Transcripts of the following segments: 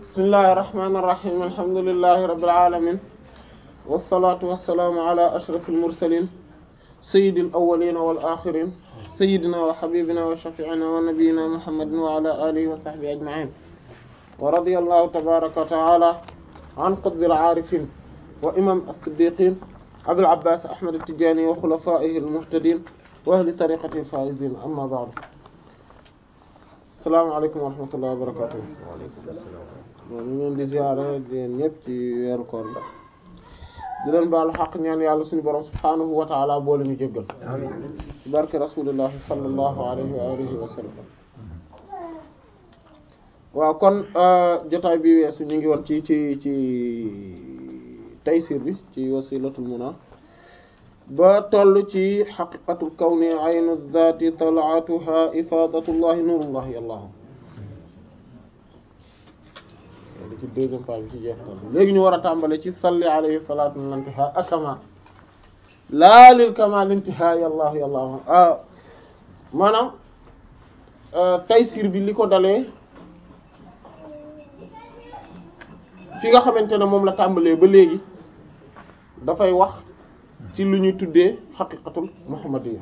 bismillahi irrahmani irrahim alhamdulilahi rabbil alamin wasalaatu wasalaamu ala ashraf almursalin sayidi al awalina wal axirin sayidina wa xabibina wa shafiina wa nabiyina muhammadin wa ala alihi wa sahbi ajmain wa radi allahu tabaraka wa taala an qutbil aarifin wa imam as-siddiqin abil abbas ahmad at-tijani wa xulafaihi almuhtadin wa ahli tariqati al faizin amma ba'du salaamaaleykum wa rahmatullahi wa barakatuh ñu leen di ziyaare di leen ci weeru koor bi di leen ñaan yàlla suñu borom subhaanahu wa taala boole ñu jéggal ci barke rasulillahi alayhi wa alihi wa waaw kon euh, jotaay bi weesu ñu ngi woon ci ci ci taysir bi ci wasilatul muna ba toll ci xaqiqatul kawni aynu zaati talaatuha ifadatullahi nurullahi allahu li ci deuxième page bi ci jeextal ñu war a tàmbale ci salli alayhi salaatu min intihaa akama laa lil kamal intihaa yallaahu yallaahu ah, maanaam euh, taysir bi li ko dalee fi nga xamante ne moom la tàmbalee ba léegi dafay wax ci lu ñuy tuddee xaqiqatul muhammadiyya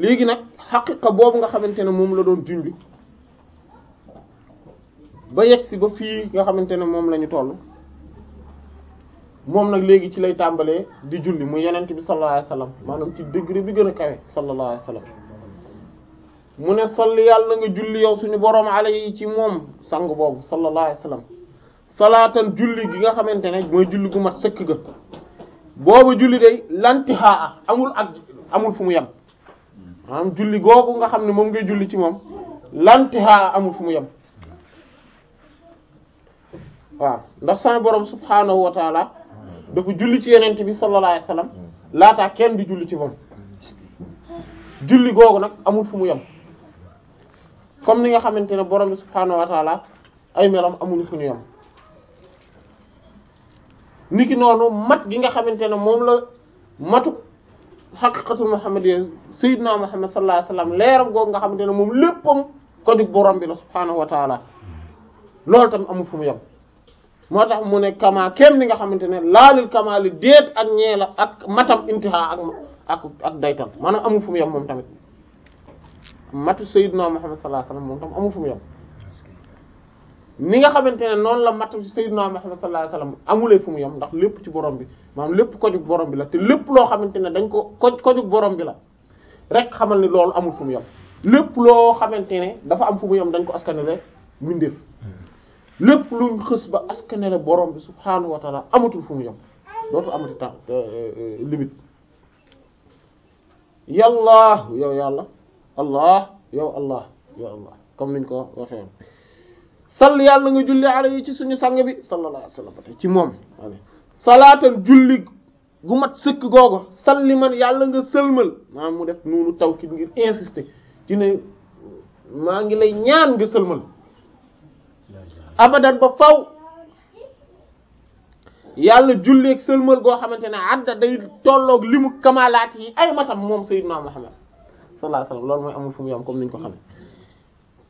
léegi nag xaqiqa boobu nga xamante ne moom la doon junj ba yegg si ba fii nga xamante ne moom lañu ñu toll moom nag léegi ci lay tàmbalee di julli mu yenent bi sallallahu alayhi wasallam maanaam ci degré bi gën a kawe sallallahu alayhi wasallam mu ne solli yàlla nga julli yow suñu boroom alayhi ci moom sang boobu sallallahu alayhi wasallam salaatan julli gi nga xamante ne mooy julli gu mat sëkk ga boobu julli day lantihaa amul amul fu mu yem julli googu nga xam ni moom nga julli ci moom lantihaa amul fu mu yem waaw ndax sama boroom subhaanahu wa taala dafa julli ci yenente bi sallallahu alayhi wasallam laataa kenn di julli ci moom julli googu nag amul fu mu yem comme ni nga xamante ne boroom bi subhaanahu ay melam amuñu fu ñu yem niki noonu mat gi nga xamante ne moom la matu xaqiqatul muhammadiyya sayyidina muhammad sallallahu alayhi wasallam leeram googu nga xamante ne moom léppam ko di borom bi la tam amul fu mu moo tax mu ne kama kem ni nga xamante ne laalil kamaali déet ak ñeela ak matam intihaa ak ak ak daytal maanaam amul moom tamit matu sayyidina muhammad sallallahu alayhi moom tam amul fu mu ni nga xamante ne noonu la matam ci sayyidina Muhammad sallallahu alayhi wasallam amulee fu mu yem ndax lépp ci borom bi maanaam lépp kojug borom bi la te lépp loo xamante ne dañ ko koj kojug borom bi la rek xamal ni loolu amul fu mu yem lépp loo xamante ne dafa am fu mu dañ ko askanele mbindeef lépp luñ xës ba askanele borom bi subhaanahu wa ta'ala amatul fu mu yem dootul amati euh, euh, temps yàlla yow yàlla allah yow allah yow allah comme niñ ko waxee sall yàlla nga julli alayhi ci suñu sange bi sallallahu alayhi wasallam ci moom salaatan julli gu mat sëkk googu salli man yàlla nga sëlmal maanaam mu def noonu tawkid ngir insister ci ne maa ngi lay ñaan nga sëlmal abadan ba faw yàlla julli ak sëlmal goo xamante ne adda day tolloog limu kamalaat yi ay matam moom sayyidina Muhammad sallallahu alayhi wasallam loolu mooy amul fu mu yam comme niñ ko xamee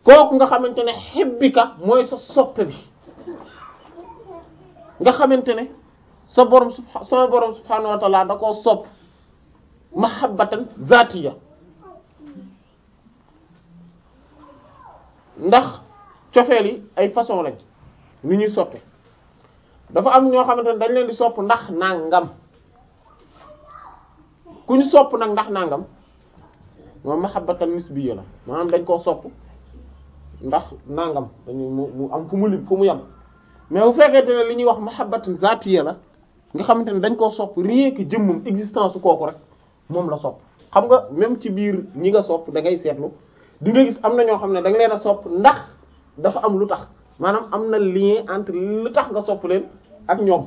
kooku nga xamante ne ka mooy sa soppe bi nga xamante ne sa borom subha sama borom subhaanahu wa ta'ala da koo sopp mahabbatan zaatiya ndax cofeel yi ay façon lañ ni ñuy soppe dafa am ñoo xamante ne dañ leen di sopp ndax nangam ku ñu sopp nag ndax nangam moom mahabbatan nisbiyya la maanaam dañ koo sopp ndax nangam dañuy mu am fu mu lim fu mu yem mais bu fekkente ne li ñuy wax mahabbatan zatiya la nga xamante ne dañ koo sopp rien que jëmmum existence kooku rek moom la sopp xam nga même ci biir ñi nga sopp da ngay seetlu di nga gis am na ñoo xam ne da nga leen a sopp ndax dafa am lu tax maanaam am na lien entre lu tax nga sopp ak ñoom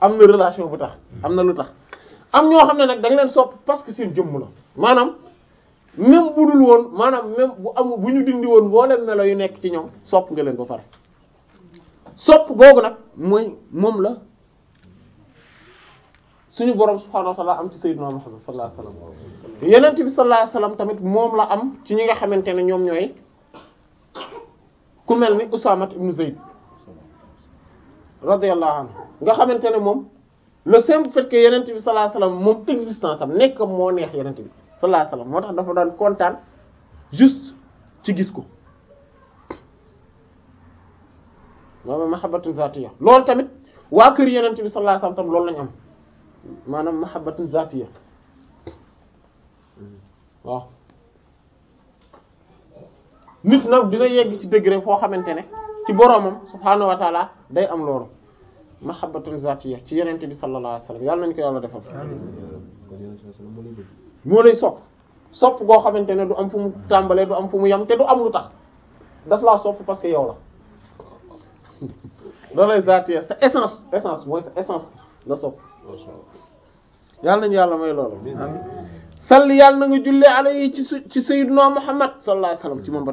am na relation bu tax am na lu tax am ñoo xam ne nag da leen sopp parce que seen jëmm la maanaam même bu dul woon maanaam même bu amul bu ñu dindi woon mboolem melo yu nekk ci ñoom sopp nga leen ba pare sopp googu nag mooy moom la suñu borom subhaanahu wa am ci sayyidina Muhammad sallallahu alayhi wasallam yonent bi sallallahu alayhi wasallam tamit moom la am ci ñi nga xamante ne ñoom ñooy ku mel ni Usaama ibn Zayd radiyallahu nga xamante ne moom le simple fait que yonent bi sallallahu alayhi moom existence am nekk moo neex yonent bi. sallallahu alayhi moo tax dafa daan kontaan juste ci gis ko waaw mahabbatun zatiya loolu tamit waa kër yeneen bi sallallahu alayhi tam loolu lañu am maanaam mahabbatun zatiya waaw nit nag dina yegg ci degré foo xamante ne ci boroomam subhaanahu wa taala day am loolu mahabbatun zatiya ci yeneen bi sallallahu alayhi wa sallam yàlla nañu ko yàlla defal moo lay sopp sopp goo xamante ne du am fu mu tàmbalee du am fu mu yam te du am lu tax daf laa sopp parce que yow la da lay zaatiya sa essence essence mooy sa essence la sopp yàlla nañu yàlla may loolu salli yàlla na nga jullee alayhi ci su ci sayyidina Muhammad sallallahu alayhi ci moom ba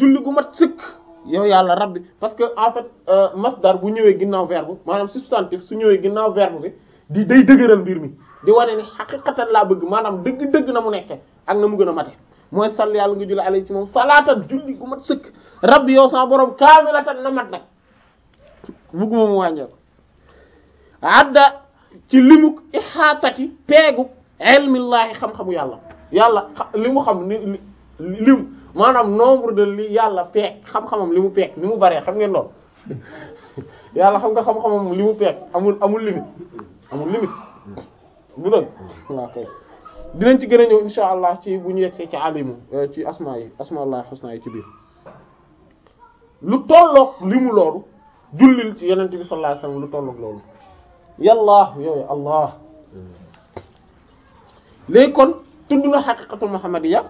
julli gu mat sëkk yow yàlla rabbi parce que en fait euh, masdar bu ñëwee ginnaaw verbe maanaam substantif su ñëwee ginnaaw verbe bi di day dëgëral mbir mi di wane ni xaqiqatan laa bëgg maanaam dëgg-dëgg na mu nekke ak na mu gën a mate mooy sall yàlla nga julli alay ci moom salaatan julli gu mat sëkk rabbi yow sama borom kaamilatan na mat nag bugguma mu wàññeeku adda ci limuk ixaatati peeguk ilmillaahi xam-xamu yàlla yàlla li mu xam ni maanaam nombre de li yàlla peek xam-xamam li mu peek ni mu baree xam ngeen lool yàlla xam nga xam-xamam limu mu peek amul amul amul limite du dëgg waaw dinañ ci gën a ñëw insha allah ci bu ñu yegsee ci alimu euh, ci asmaa yi asmaallahi xusna yi ci biir lu tolloog li mu loolu jullil ci yenente bi sallallahu alayhi lu tolloog loolu yàllaa yooyu allah léegi kon tudd na xaqiqatul muhammadiyya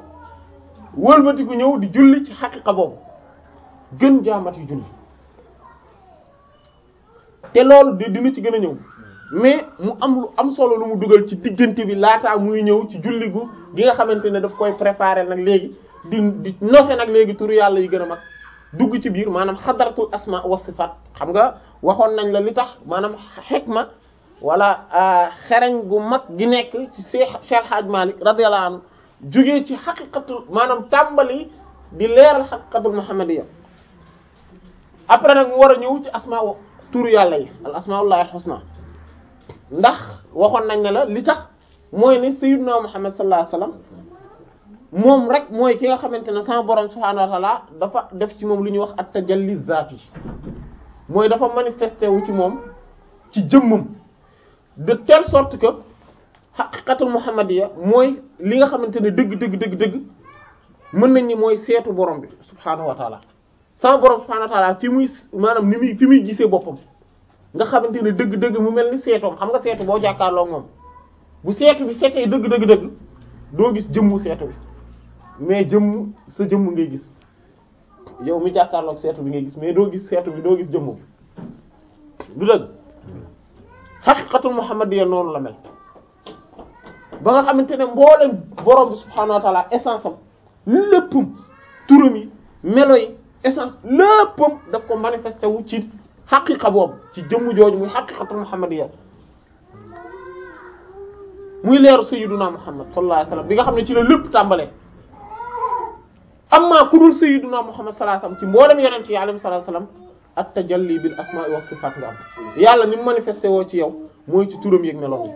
wëlbatiku ñëw di julli ci xaqiqa boobu gën jaamat julli te loolu di ci gën a ñëw mais mu am am solo lu mu dugal ci diggante bi laataa muy ñëw ci julligu gi nga xamante ne daf koy préparer nag léegi di di nose nag léegi turu yàlla yu gën a mag dugg ci biir maanaam xadaratul asma wa sifat xam nga waxoon nañ la li tax maanaam xikma wala euh, xereñ gu mag gi nekk ci Cheikh Hadj Malick radiyallahu anhu jógee ci xaqiqatul maanaam tàmbali di leeral xaqiqatul muhammadiyya après nag mu war a ñëw ci asma turu yàlla yi al asmaullahi al husna ndax waxoon nag ne la li tax mooy ni sayyidna Muhammad sallallahu alayhi wasallam moom rek mooy ki nga xamante ne sama borom subhaanahu wa dafa def ci moom lu ñuy wax at tajalli zaati mooy dafa manifesté wu ci moom ci jëmmam de telle sorte que xaqiqatul muhammadiyya mooy li nga xamante ne dëgg dëgg dëgg dëgg mën nañ ni mooy seetu borom bi subhaanahu wa ta'ala sama borom subhaanahu wa ta'ala fi muy maanaam ni muy fi muy gisee boppam nga xamante ne dëgg-dëgg mu mel ni seetoom xam nga seetu boo jàkkaarloo moom bu seetu bi setee dëgg dëgg doo gis jëmmu seetu bi mais jëmm sa jëmm ngay gis yow mi jàkkaarloog seetu bi ngay gis mais doo gis seetu bi doo gis jëmm du dëgg xaqiqatul muhammadiyya noonu la mel ba nga xamante ne mboolem borom bi subhaanahu wa ta'ala essence am léppam turam yi melo yi essence léppam daf ko manifesté wu ci xaqiqa boobu ci jëmm jooju muy xaqiqatu muhammadiyya muy leeru sayyiduna muhammad sallallahu alayhi wasallam bi nga xam ne ci la lépp tàmbalee amma ku dul sayyiduna muhammad sallallahu alayhi wasallam ci mboolem yonent yi alayhi sallallahu alayhi wasallam at tajalli bil asma'i was sifat nga yàlla mu manifesté woo ci yow mooy ci turam yeeg meloom yi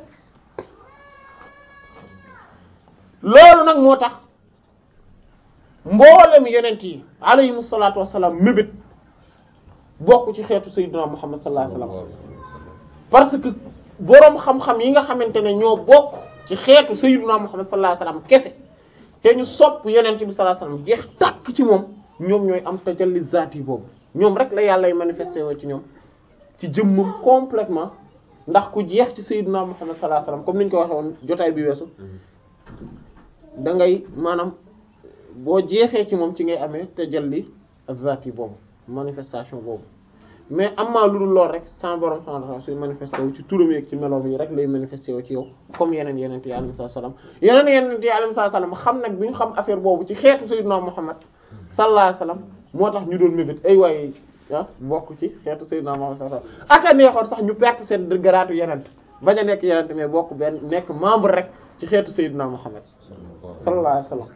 loolu nag moo tax mboolem yonent yi alayhimu salaatu wasalaam mébét bokk ci xeetu sayyidina Muhammad sallallahu alayhi wasallam parce que boroom xam-xam yi nga xamante ne ñoo bokk ci xeetu sayyidina Muhammad sallallahu alayhi wasallam kese te ñu sopp yeneen ci sallallahu alayhi wasallam jeex tàkk ci moom ñoom ñooy am tajalli zaati boobu ñoom rek la yàllay manifesté woo ci ñoom ci jëmmam complètement ndax ku jeex ci sayyidina Muhammad sallallahu alayhi wasallam comme niñ ko waxee woon jotaay bi weesu da ngay maanaam boo jeexee ci moom ci ngay amee tajalli zaati boobu manifestation boobu mais am amaa lu dul lool rek sans borom sans suy manifesté ci turam yeeg ci meloom yi rek lay manifesté wu ci yow comme yeneen yeneen yi alayhi salaam yeneen yeneen yi alayhi salaam xam nag bi ñu xam affaire boobu ci xeetu Sayyidina Muhammad sallallahu alayhi wasallam moo tax ñu doon mébét ay waay ah bokk ci xeetu Sayyidina Muhammad sallallahu alayhi wasallam sax ñu perte seen garaatu yeneen bañ a nekk yeneen mais bokk benn nekk membre rek ci xeetu Sayyidina Muhammad sallallahu alayhi wasallam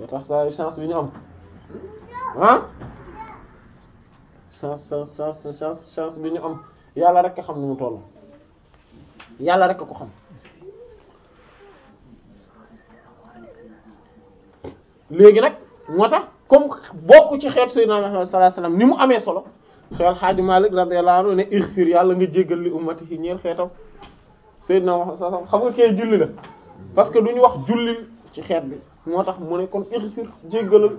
moo tax saa chance bi ñu am. ah chance chance chance bi ñu am yàlla rekk xam ni mu toll yàlla rekk ko xam léegi nag moo tax comme bokk ci xeet sayyidina Muhammad sallallahu alayhi wasallam ni mu amee solo Seex Xaadi Maalik radiyallahu anhu yàlla nga jéggal li ummati yi ñeel xeetam sayyidina xam nga kay julli la parce que du duñu wax jullil ci xeet bi moo tax mu ne kon ighfir jéggalal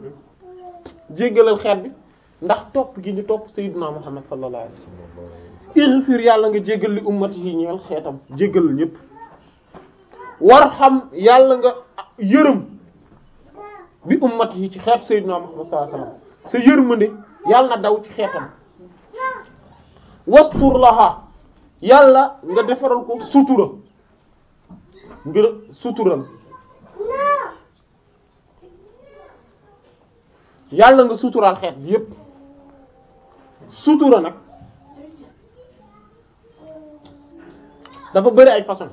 jéggalal xeet bi ndax topp gi ñu topp sayyidina Muhammad sallallahu alayhi wasallam yàlla nga jéggal li ummati yi ñeel xeetam jéggalal ñépp warham yàlla nga yërëm bi ummati yi ci xeet sayyidina Muhammad sallallahu alayhi wasallam sa yàlla na daw ci xeetam wastur laha yàlla nga defaral ko sutura nga sutural yàlla nga suturaal xeet bi yépp sutura nag dafa bëri ay façon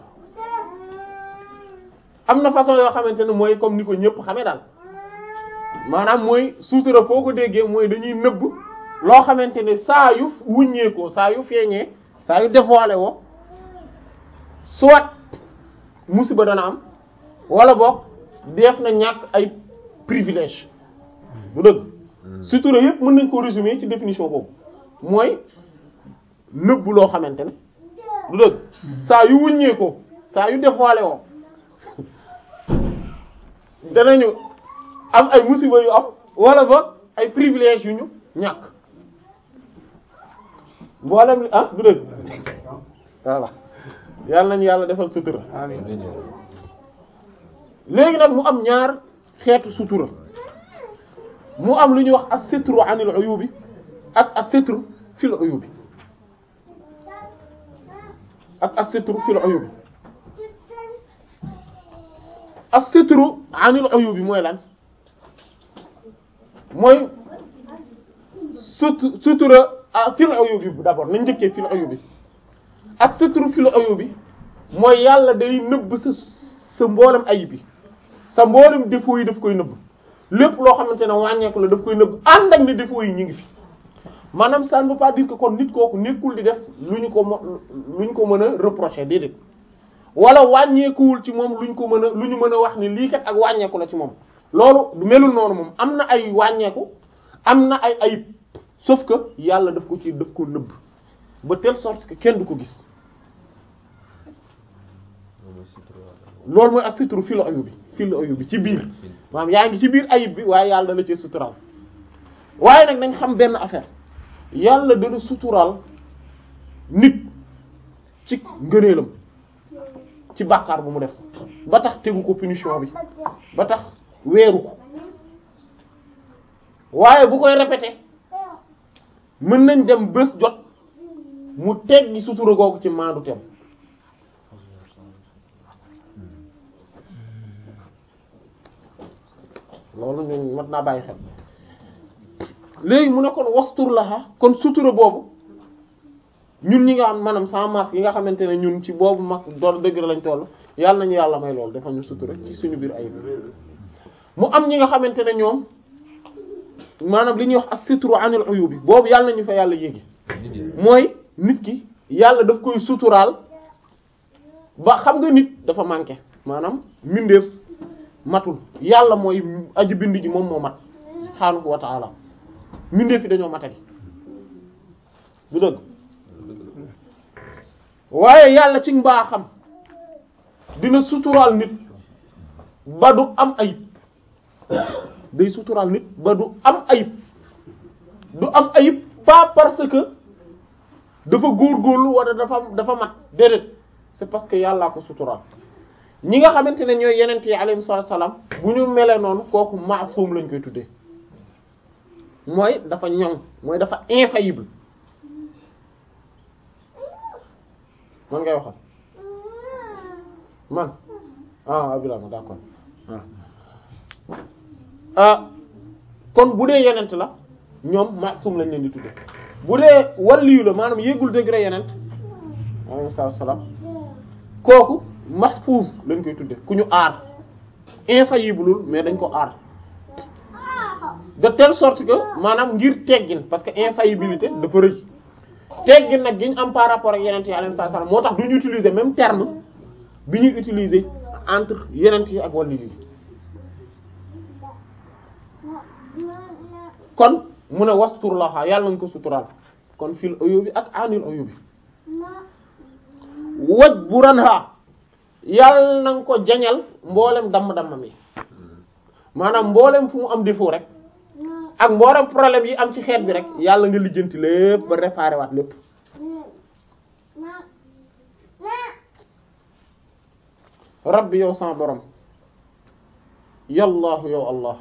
am na façon yoo xamante ne mooy comme ni ko ñépp xamee daal maanaam mooy sutura foo ko déggee mooy dañuy nëbb loo xamante ne saa yu wuññeekoo saa yu feeñee saa yu dévoilé woo soit musiba dana am wala boog def na ñàkk ay privilège bu dëgg sutura yëpp mën nañ koo résumer ci définition boobu mooy nëbbu loo xamante ne du dëgg saa yu wuññee saa yu dévoilé woo danañu am ay musiba yu am wala ba ay privilèges yu ñu ñàkk mboolem li ah du dëgg voilà yàlla nañu yàlla defal sutura léegi nag mu am ñaar xeetu sutura mu am lu ñuy wax as-sitru anil uyubi ak as-sitru fil uyubi ak as-sitru fil uyubi as-sitru anil uyubi mooy lan mooy sut sutura ah, fil uyubi bu d'abord nañ njëkkee fil uyubi as-sitru fil uyubi mooy yàlla day nëbb sa sa mboolem ayib yi sa mboolem défaut yi daf koy nëbb lépp loo xamante ne wàññeeku la daf koy nëbb ànd ak ni défauts yi ñu ngi fi maanaam ça ne veut pas dire que kon nit kooku nekkul di def lu ñu ko lu ñu ko mën a reprocher déedéet wala wàññeekuwul ci moom lu ñu ko mën a lu mën a wax ni lii kat ak wàññeeku la ci moom loolu melul noonu moom am na ay wàññeeku am na ay ay sauf que yàlla daf ko ci daf ko nëbb ba telle sorte que kenn du ko gis loolu mooy asitru filo ayu bi fil bi ci biir mm. maanaam yaa ngi ci biir ayib bi waaye yàlla la ci sutural waaye nag nañ xam benn affaire yàlla dana sutural nit ci ngëneelam ci bàkkaar bu mu def ba tax tegu ko punition bi ba tax weeru ko waaye bu koy répété mën nañ dem bés jot mu teggi sutura googu ci maandu tem loolu ñun mat naa bàyyi léegi mu ne kon wastur laxa kon sutura boobu ñun ñi nga am maanaam sans masque yi nga xamante ne ñun ci boobu mag dool dëgg lañ toll yàlla nañu yàlla may loolu dafa ñu sutura ci suñu biir ayib mu am ñi nga xamante ne ñoom maanaam li ñuy wax as-sitru anil uyubi boobu yàlla nañu fa yàlla yéegi mooy nit ki yàlla daf koy suturaal ba xam nga nit dafa manqué maanaam mbindeef matul yàlla mooy aju bind ji moom moo mat subhaanahu wa ta'ala mbindeef dañoo matali du dëgg waaye yàlla ci mbaaxam dina suturaal nit ba du am ayib day suturaal nit du am ayib du am ayib pas parce que dafa góor góorgóorlu wala dafa dafa mat déedéet c'est parce que yàllaa ko suturaal ñi nga xamante ne ñooy yenent yi alayhim salaam bu ñu mele noonu kooku maasum lañ koy tudde mooy dafa ñoŋ mooy dafa infaillible man ngay waxal man ah Abdoulaye d'accord ah, ah kon bu dee yenent la ñoom maasum lañ leen di tuddee bu dee waliyu la maanaam yéegul degré yenent alayhim salaam kooku mahfuz lañ koy tudde ku ñu aar infaillible mais dañ ko aar de tele sorte que maanaam ngir teggin parce que infaillibilité dafa rëy teggin nag gi am par rapport ak yeneen yi alayhi salaam moo tax du ñu utiliser même terme bi ñuy utiliser entre yeneen yi ak wàllu yi kon mu ne wastur laxa yàlla nañ ko suturaal kon fil ayubi ak anil ayubi waj buranha yàlla na nga ko jañal mboolem damm-dammam mi maanaam mboolem fu mu am défaut rek ak mboolem problème yi am ci xeet bi rek yàlla nga lijjanti lépp ba réparé waat lépp rabbi yow sama borom yallaahu yow allah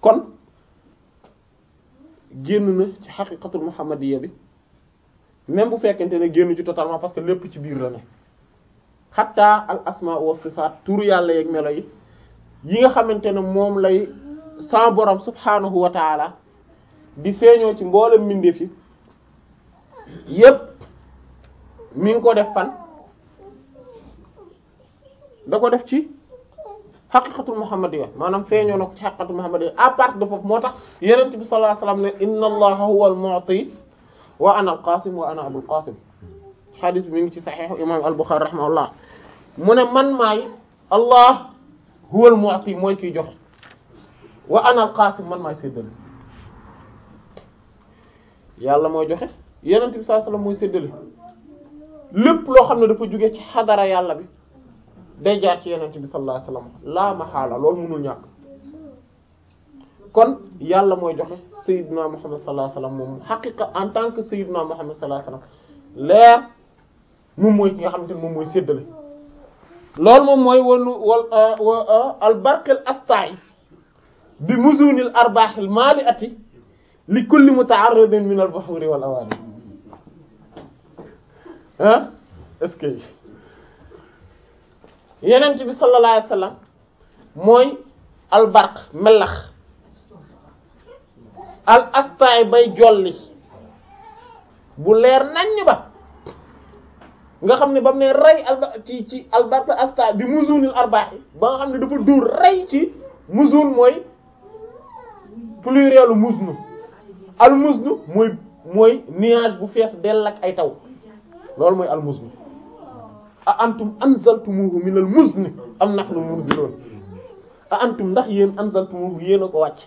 kon génn na ci xaqiqatul muhammadiyya bi même bu fekkente ne génn ci totalement parce que lépp ci biir la ne xatta al asma wa sifaat turu yàlla yeeg melo yi yi nga xamante ne moom lay sa borom subhaanahu wa di feeñoo ci mboolem mbindeef yi yépp mi ngi ko def fan da ko def ci xaqiqatul muhammadiyya maanaam feeñoo na ko ci xaqiqatul muhammadiyya à partir de foofu moo tax yonent bi sallallahu alayhi ne inna allaha huwal mu'ti wa ana alqasim wa ana abul qasim xadis bi mi ngi ci saxiix imam al-Bukhari rahimahullah mu ne man maay allah huwal mu'ti mooy kiy jox wa ana alqasim man maay séddale yàlla mooy joxe yenent bi sallallahu mooy séddale lépp loo xam ne dafa jóge ci xadara yàlla bi day jaar ci yenent bi sallallahu laa wasallam laa maxaala loolu mënul ñàkk kon yàlla mooy joxe sayyidina Muhammad sallallahu alayhi wasallam moom xaqiqa en tant que sayyidina Muhammad sallallahu alayhi wasallam leer moom mooy ki nga xamante ne moom mooy séddale loolu moom mooy walu wal albarqil euh, euh, astaay bi muzunil arbaaxil maali ati li kulli muta'arridin min al-buhuri wal awaani ah est-ce que yenent bi sallallahu alayhi wasallam mooy albarq melax al astaay bay jolli bu leer naññ ba nga xam ne ba mu ne rey alba ci ci albarta asta bi muzunil arbaax ba nga xam ne dafa dóor rey ci muzun mooy plurielu muznu al muznu mooy mooy nuage bu fees dell ak ay taw loolu mooy al muznu a antum anzaltumuhu minal muzni am nahnu munzilun a antum ndax yéen anzaltumuhu yéen a ko wàcc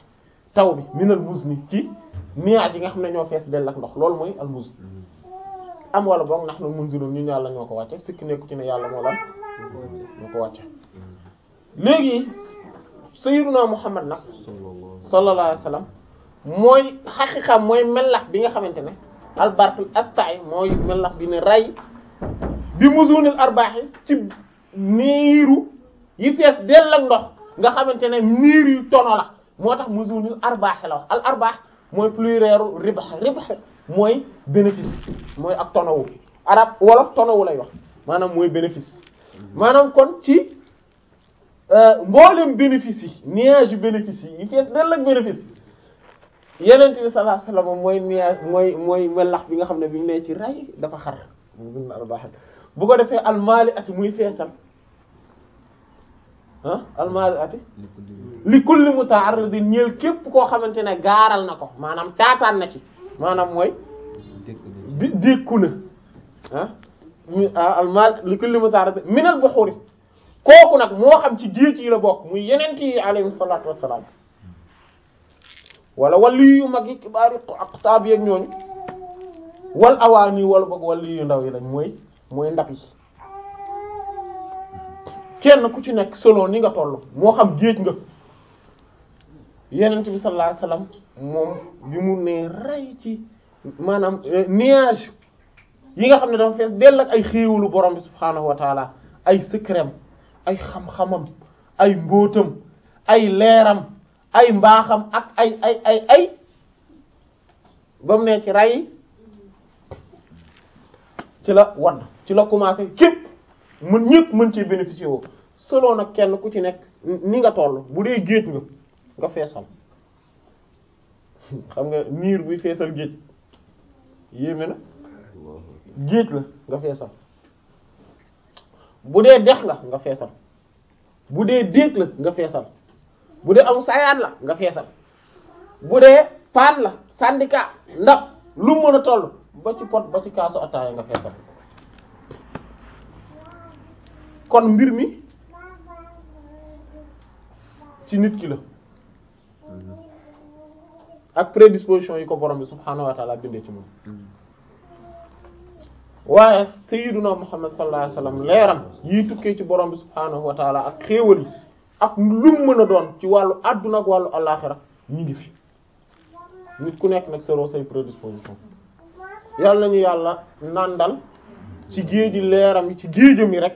taw bi minal muzni ci nuages yi nga xam ne ñoo fees dell ak ndox loolu mooy al muzni mm-hmm. am wala boog ndax nag munzilun ñun yàlla ñoo ko wàcce sikki nekku ci ne yàlla moo lan ñoo mm-hmm. ko wàcce léegi sayyiduna Muhammad nag sallallahu alayhi wasallam mooy xaqiqa mooy melax bi nga xamante ne albartul astay mooy mellax bi ne ray bi muzunil arbaaxi ci niiru yi fees dell ak ndox nga xamante ne niir yu tono la moo tax muzunul arbaax la wax al arbaax mooy plurielu ribax ribax mooy bénéfice mooy ak tonowu arab wolof tonowu lay wax maanaam mooy bénéfice maanaam kon ci euh, mboolem bénéfice yi nuage yu bénéfice yi yu fees dell ak bénéfice yeneen bi sallallahu alayhi wasallam mooy nuage mooy mooy melax bi nga xam ne bi ñu ne ci ray dafa xar muzunul arbaax bu ko defee almaali at muy feesal ah almaariati li kulli muta'arridin ñeel képp koo xamante ne gaaral na ko maanaam taataan na ci maanaam mooy di dékku na ah almaar li kulli muta'arridin minal buxuri kooku nag moo xam ci géej yi la bokk muy yeneen yi alayhi salaatu wassalaam wala wali yu mag yi kibaari aqtaab yeeg ñooñu wal awaani wala boog wali yu ndaw yi lañ mooy mooy ndab yi kenn ku ci nekk selon ni nga toll moo xam géej nga yenent bi sallallahu alayhi moom bi mu ne rey ci maanaam euh, niage yi nga xam ne dafa fees dell ay xéewalu borom bi subhaanahu wa ay secret ay xam-xamam ay mbootam ay leeram ay mbaaxam ak ay ay ay ay ne ci rey ci la wadd ci la commencé képp mën ñëpp mën ci bénéficier woo selon nag kenn ku ci nekk ni nga toll bu dee géej nga nga feesal xam nga niir buy feesal géej yéeme na géej la nga feesal bu dee dex nga nga feesal bu dee déeg la nga feesal bu dee am sayaan la nga feesal bu dee paan la syndicat ndax lu mën a toll ba ci pot ba ci kaasu attaaya nga feesal kon mbir mi ci nit ki la ak prédisposition yi ko borom bi subhaanahu wa ta'ala bindee ci moom waaye sayyiduna muhammad sallallahu alayhi leeram yii tukkee ci boroom bi subhaanahu wa ak xéewal yi ak lu mën a doon ci wàllu àdduna ak wàllu àllaaxira ñu ngi fi nit ku nekk nag seroo say prédisposition yàlla nañu yàlla nàndal ci géeji leeram yi ci géejam yi rek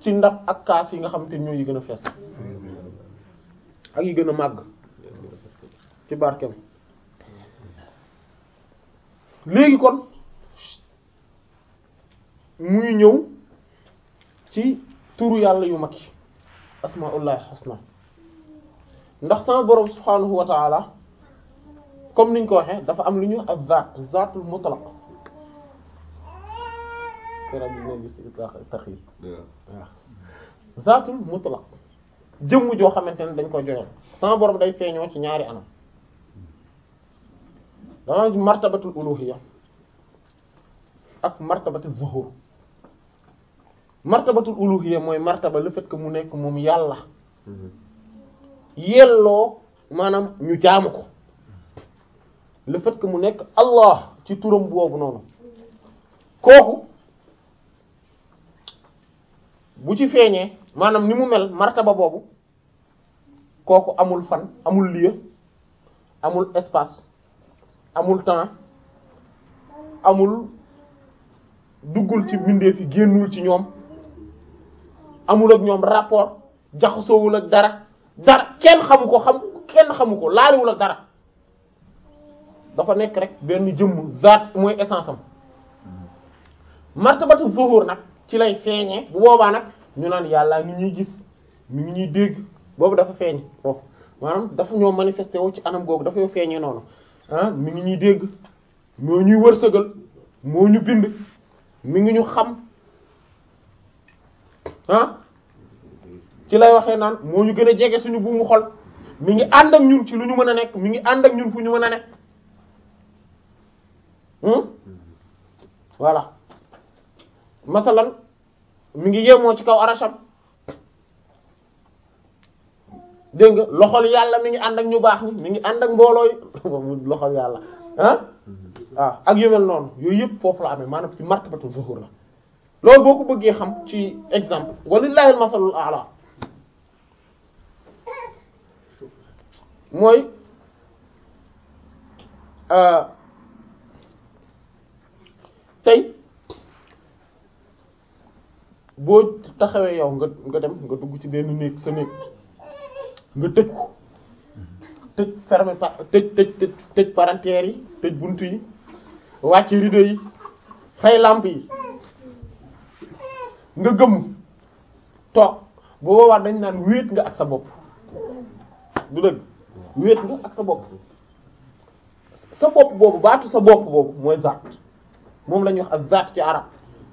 ci ndab ak kaas yi nga xam te ñoo yi gën a fees ak yu gën a màgg ci barkeem léegi kon muy ñëw ci turu yàlla yu mag yi asmaullahi husna ndax sama borom subhaanahu wa comme niñ ko waxee dafa am lu ñuy ak zaat zaatul mutlaq zaatul mutlaq jëmm joo xamante ne dañ ko joxe sama borom day feeñoo ci ñaari anam dama martabatul uluhiyya ak martabatul zuhur martabatul uluhiyya mooy martaba le fait que mu nekk moom yàlla yelloo maanaam ñu jaamu ko le fait que mu nekk allah ci turam boobu noonu kooku bu ci feeñee maanaam ni mu mel ba boobu kooku amul fan amul lieu amul espace amul temps amul duggul ci mbindeef yi génnul ci ñoom amul ak ñoom rapport jaxasoowul ak dara dara kenn xamu ko xam kenn xamu ko laaliwul ak dara dafa nekk rek benn jëmm zaat mooy essence am mm-hmm. martabatu zuhur nag ci lay feeñee bu boobaa nag ñu naan yàlla ngi ñuy gis mi ngi ñuy dégg boobu dafa feeñ foofu maanaam dafa ñoo manifesté wu ci anam googu dafa yoo feeñee noonu ah mi ngi ñuy dégg moo ñuy wërsëgal moo ñu bind mi ngi ñu xam ah ci lay waxee naan moo ñu gën a jege suñu buumu xol mi ngi ànd ak ñun ci lu ñu mën a nekk mi ngi ànd ak ñun fu ñu mën a nekk hmm? voilà masalan mi ngi yemoo ci kaw arasham dégg nga loxol yàlla mi ngi ànd ak ñu baax ñi mi ngi ànd ak mboolooy loxol yàlla ah waaw ak yu mel noonu yooyu yëpp foofu la amee maanaam ci martabatu zuhur la loolu boo ko bëggee xam ci exemple walillahi almasalul a'la mooy euh, tey boo taxawee yow nga nga dem nga dugg ci benn néeg sa néeg nga tëj ko tëj fermer tëj tëj tëj tëj yi tëj bunt yi wàcc rideau yi fay lampe yi nga gëm toog bu boobaa dañ naan wéet nga ak sa bopp du dëgg wéet nga ak sa bopp sa bopp boobu baatu sa bopp boobu mooy zaat moom la ñuy wax ak zaat ci arab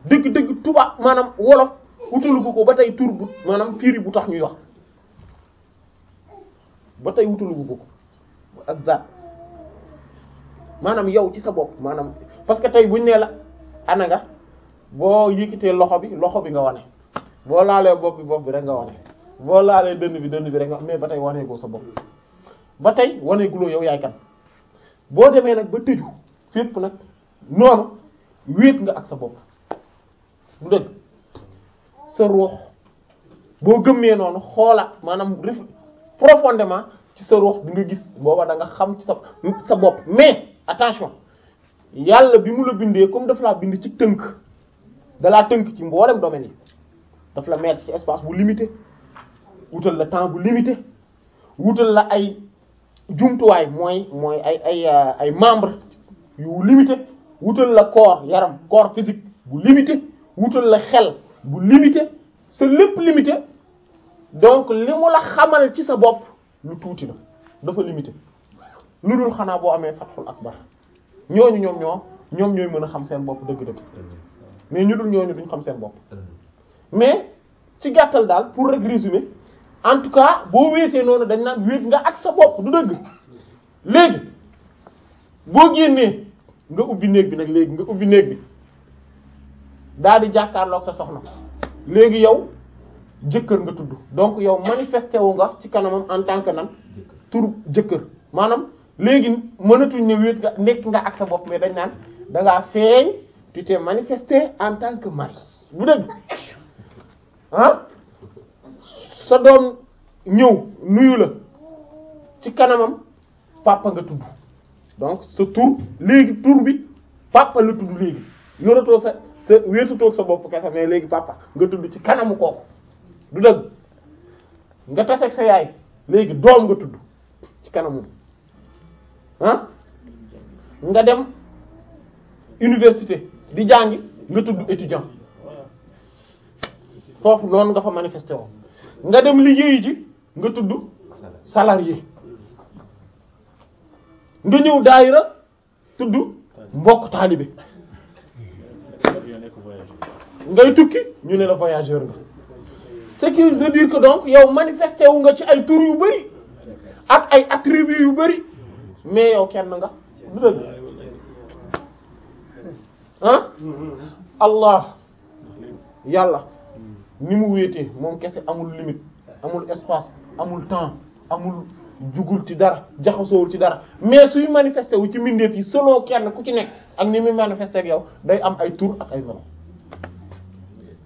dégg dégg tubaab maanaam wolof wutalugu ko ba tey tur bu maanaam firi bu tax ñuy wax ba tey wutalugu ko ak maanaam yow ci sa bopp maanaam parce que tey buñ nee la ana nga boo yëkkatee loxo bi loxo bi nga wane boo laalee bopp bi bopp bi rek nga wane boo laalee dënn bi dënn bi rek nga mais ba tey koo sa bopp ba tey waneeguloo yow yaay kan boo demee nag ba tëju fépp nag noonu wéet nga ak sa bopp bu dëgg sa ruux boo gëmmee noonu xoola maanaam ref profondément ci sa ruux di nga gis booba danga xam ci sa bopp mais attention yàlla bi mu la bindee comme daf laa bind ci tënk dalaa tënk ci mboolem domaine yi daf la mettre ci espace bu limité wutal la temps bu limité wutal la ay jumtuwaay mooy mooy ay ay ay membre yu limité wutal la corps yaram corps physique bu limité wutal la xel bu limité sa lépp limité donc li mu la xamal ci sa bopp lu tuuti na dafa limité lu dul xanaa boo amee ak akbar ñooñu ñoom ñoo ñoom ñooy mën a xam seen bopp dëgg-dëgg mais ñu dul ñooñu duñ xam seen bopp mais ci gàttal daal pour rek résumer en tout cas boo wéetee noonu dañ naan wéet nga ak sa bopp du dëgg léegi boo génnee nga ubbi néeg bi nag léegi nga ubbi néeg bi daal di jàkkaarloog sa soxna léegi yow jëkkër nga tudd donc yow manifesté wu nga ci kanamam en tant que nan tur jëkkër maanaam léegi mënatuñ ne wéet nga nga ak sa bopp mais dañ naan da ngaa feeñ tu t'es manifesté en tant que mari bu dëgg ah sa doom ñëw nuyu la ci kanamam papa nga tudd donc sa léegi tur bi papa la tudd léegi yoratoo sa sa wéetu toog sa bopp kese mais léegi papa nga tudd ci kanamu kooku du dëgg nga taseeg sa yaay léegi doom nga tudd ci kanamu ah nga dem université di jàngi nga tudd étudiant foofu noonu nga fa manifesté woo nga dem liggéeyi ji nga tudd salarié nga ñëw daayira tudd mbokk taalibe ngay tukki ñu ne la voyageur nga ce qui veut dire que donc yow manifesté wu nga ci ay tur yu bëri ak ay attributs yu bëri mais yow kenn nga du dëgg allah yàlla ni mu wéetee moom kese amul limite amul espace amul temps amul jugul ci dara jaxasoowul ci dara mais suy manifesté wu ci mbindeef yi selon kenn ku ci nekk ak ni muy manifesté ak yow day am ay tur ak ay melo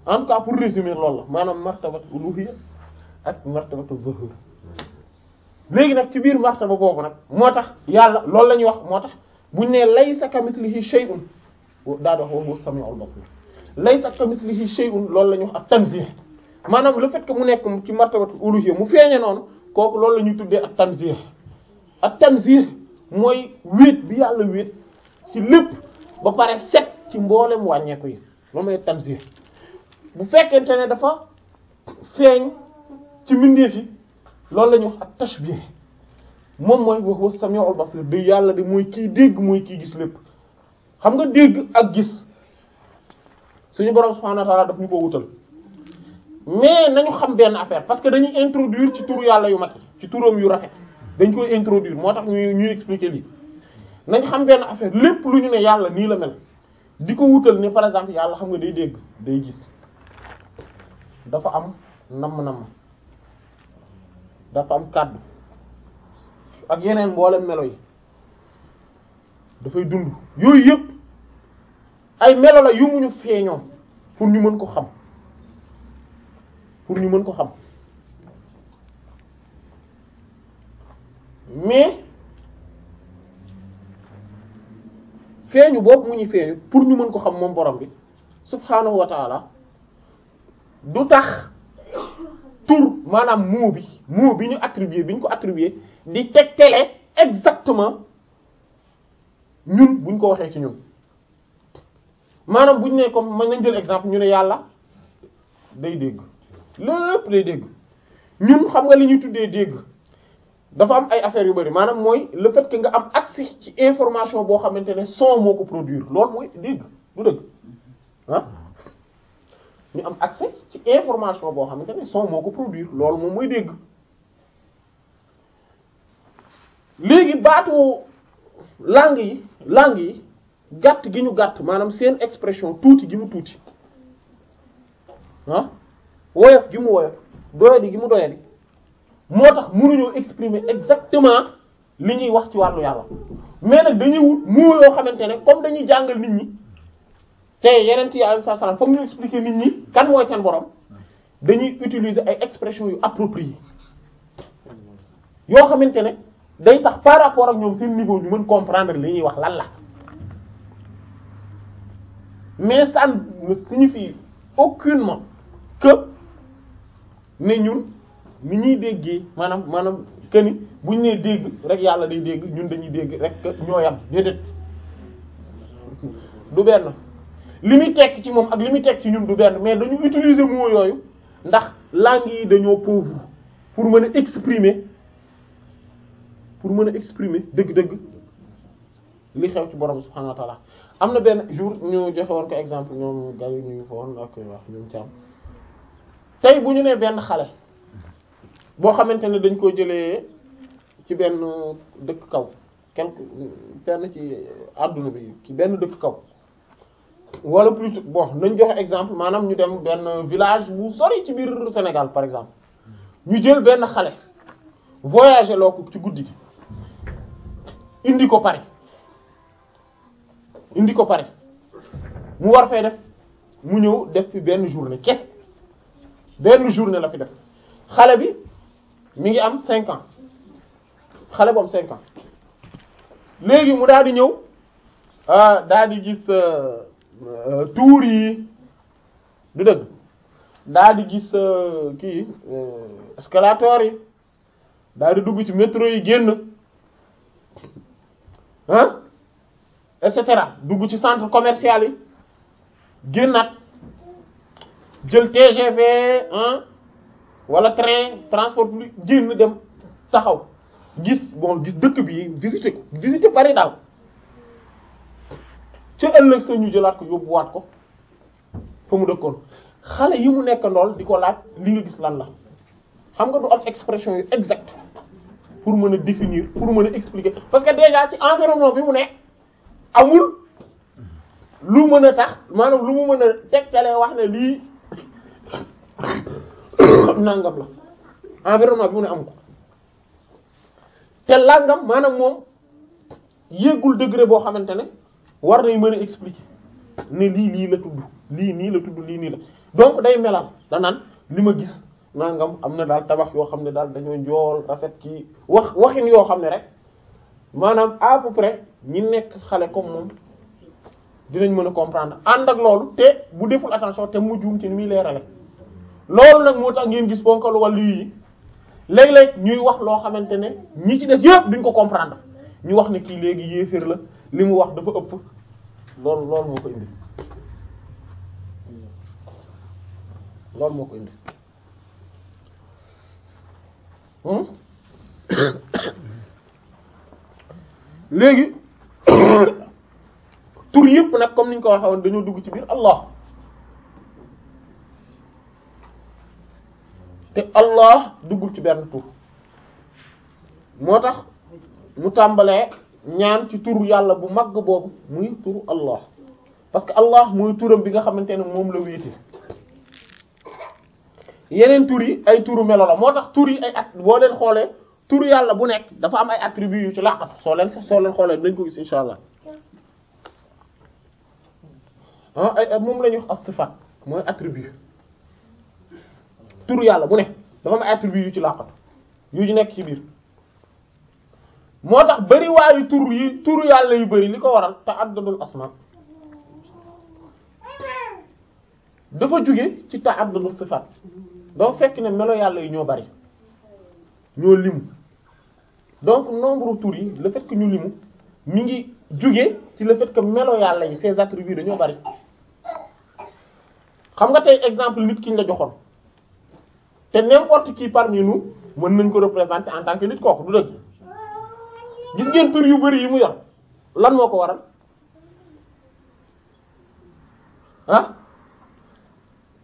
en tout cas pour résumer loolu la maanaam martabat uluhiyya ak martabatu zuhur léegi nag ci biir martaba boobu nag moo tax yàlla loolu la ñuy wax moo tax bu ne laysa kamithlihi shay'un daa di wax wa huwa as-sami'ul basir laysa kamithlihi shay'un loolu la ñuy wax ak tanzih maanaam le fait que mu nekk ci martabatu uluhiyya mu feeñe noonu kooku loolu la ñuy tuddee ak tanzih ak tanzih mooy wéet bi yàlla wéet ci lépp ba pare set ci mboolem wàññeeku yi loolu mooy tanzih bu fekkente ne dafa feeñ ci mbindeef yi loolu lañu ñuy wax ak tashbih moom mooy wax wa sami'ul basir de yàlla de mooy kiy dégg mooy kii gis lépp xam nga dégg ak gis suñu borom subhanahu wa ta'ala daf ñu ko wutal mais nañu xam benn affaire parce que dañu introduir ci turu yàlla yu mag yi ci turam yu rafet dañ koy introduire moo tax ñuy ñuy expliquer lii nañ xam benn affaire lépp lu ñu ne yàlla nii la mel di ko wutal ne par exemple yàlla xam nga day dégg day gis dafa am namm-namm dafa am kàddu ak yeneen mboolem melo yi dafay dund yooyu yëpp ay melo la yu mu ñu feeñoo pour ñu mën ko xam pour ñu mën ko xam mais feeñu boobu mu ñu feeñu pour ñu mën ko xam moom borom bi subhaanahu wa ta'ala du tax tur maanaam mot bi mot bi ñu attribué bi ñu ko attribué di teg tegtale exactement ñun bu ñu ko waxee ci ñun maanaam bu ñu nee comme mën nañ jël exemple ñu ne yàlla day dégg lépp day dégg ñun xam nga li ñuy tuddee dégg dafa am ay affaires yu bari maanaam mooy le fait que nga am accès ci information boo xamante ne son moo ko produir loolu mooy dégg du dëgg ah. ñu am accès ci information boo xamante ne son moo ko produire loolu moom mooy dégg léegi baatu làng yi làng yi gàtt gi ñu gàtt maanaam seen expression tuuti gi mu tuuti ah woyof gi mu woyof doyadi gi mu doyadi moo tax mënuñoo exprimer exactement li ñuy wax ci wàllu yàlla mais nag dañuy wut moo xamante ne comme dañuy jàngal nit ñi te yeneen ci yàlla sa salaam foog ñu expliquer nit ñi kan mooy seen borom dañuy utiliser ay expression yu appropriées yoo xamante ne dañ tax par rapport ak ñoom seen niveau ñu mën comprendre li ñuy wax lan la mais ça ne signifie aucunement que ne ñun ni ñuy déggee maanaam maanaam que ni bu ñu nee dégg rek yàlla day dégg ñun dañuy dégg rek ñoo yam déedéet du benn. li muy tekk ci moom ak li muy tekk ci ñun du benn mais dañu utiliser mots yooyu ndax laa yi dañoo pauvre pour mën a exprimer pour mën a exprimer dëgg-dëgg li xew ci borom subhanahu wa am na benn jour ñu joxe woon ko exemple ñoom gars yi ñu ngi fa woon ak wax ñoom ci am tey bu ñu nee benn xale boo xamante ne dañ koo jëlee ci benn dëkk kaw quelque benn ci àdduna bi ci benn dëkk kaw. wala plutôt bon nañ joxe exemple maanaam ñu dem benn village bu sori ci biir Sénégal par exemple ñu jël benn xale voyager loo ci guddi gi indi ko Paris indi ko Paris mu war fee def mu ñëw def fi benn journée kese benn journée la fi def xale bi mu ngi am cinq ans xale bu am cinq ans léegi mu daal di ñëw ah, daal di gis. Euh, Euh, tuur yi du dëgg daal di gis euh, kii euh, escalator yi daal di dugg ci métro yi génn ah et cetera dugg ci centre commercial yi génnaat jël TGV ah wala train transport public génn dem taxaw gis bon gis dëkk bi visiter ko visiter Paris ca ëllëg sa ñu jëlaat ko yóbbuwaat ko fa mu dëkkoon xale yi mu nekk ndool di ko laaj li nga gis lan la xam nga du am expression yu exacte pour mën a définir pour mën a expliquer parce que déjà ci environnement bi mu ne amul lu mën a tax maanaam lu mu mën a teg tegtalee wax ne lii nangam la environnement bi mu ne am ko te langam maanam moom yéegul degré boo xamante ne war nañu mën a expliquer ne lii lii la tudd lii nii la tudd lii nii la donc day melal danaan li ma gis nangam am na daal tabax yoo xam ne daal dañoo njool rafet kii wax waxin yoo xam ne rek maanaam à peu près ñi nekk xale ko moom dinañ mën a comprendre ànd ak loolu te bu deful attention te mu juum ci ni muy leerale loolu nag moo tax ngeen gis ponkalu wàllu yi léeg-léeg ñuy wax loo xamante ne ñi ci des yépp duñ ko comprendre ñu wax ne kii léegi yéeféer la li mu wax dafa ëpp loolu loolu moo ko indi loolu moo ko indi hmm? léegi tur yëpp nag comme niñ ko waxee dañoo dugg ci biir Allah te Allah duggul ci benn tur moo tax mu tàmbalee ñaan ci tur yàlla bu mag boobu muy turu Allah parce que Allah muy turam bi nga xamante ne moom la wéete yeneen tur yi ay tur melo la moo tax tur yi ay at boo leen xoolee tur yàlla bu nekk dafa am ay attributs yu ci laqatu soo leen soo xoolee dañ ko gis insha allah ah mooy attribut tur yàlla bu nekk dafa am yu ci laqatu yu ci nekk ci biir. moo tax bari tour yi tour yàlla yu bari li ko waral ta'addudul asma dafa jóge ci ta'addudus sifat doo fekk ne melo yàlla yi ñoo bari ñoo limu donc nombre tur yi la fait ñu limu ñu ngi jóge ci la fait que melo yàlla yi ses attributs dañoo bari xam nga tey exemple nit ki ñu la joxoon te n'importe qui parmi nu mën nañ ko représenter en tant que nit kooku du dëgg gis ngeen yu bari yi mu yor lan moo ko waral ah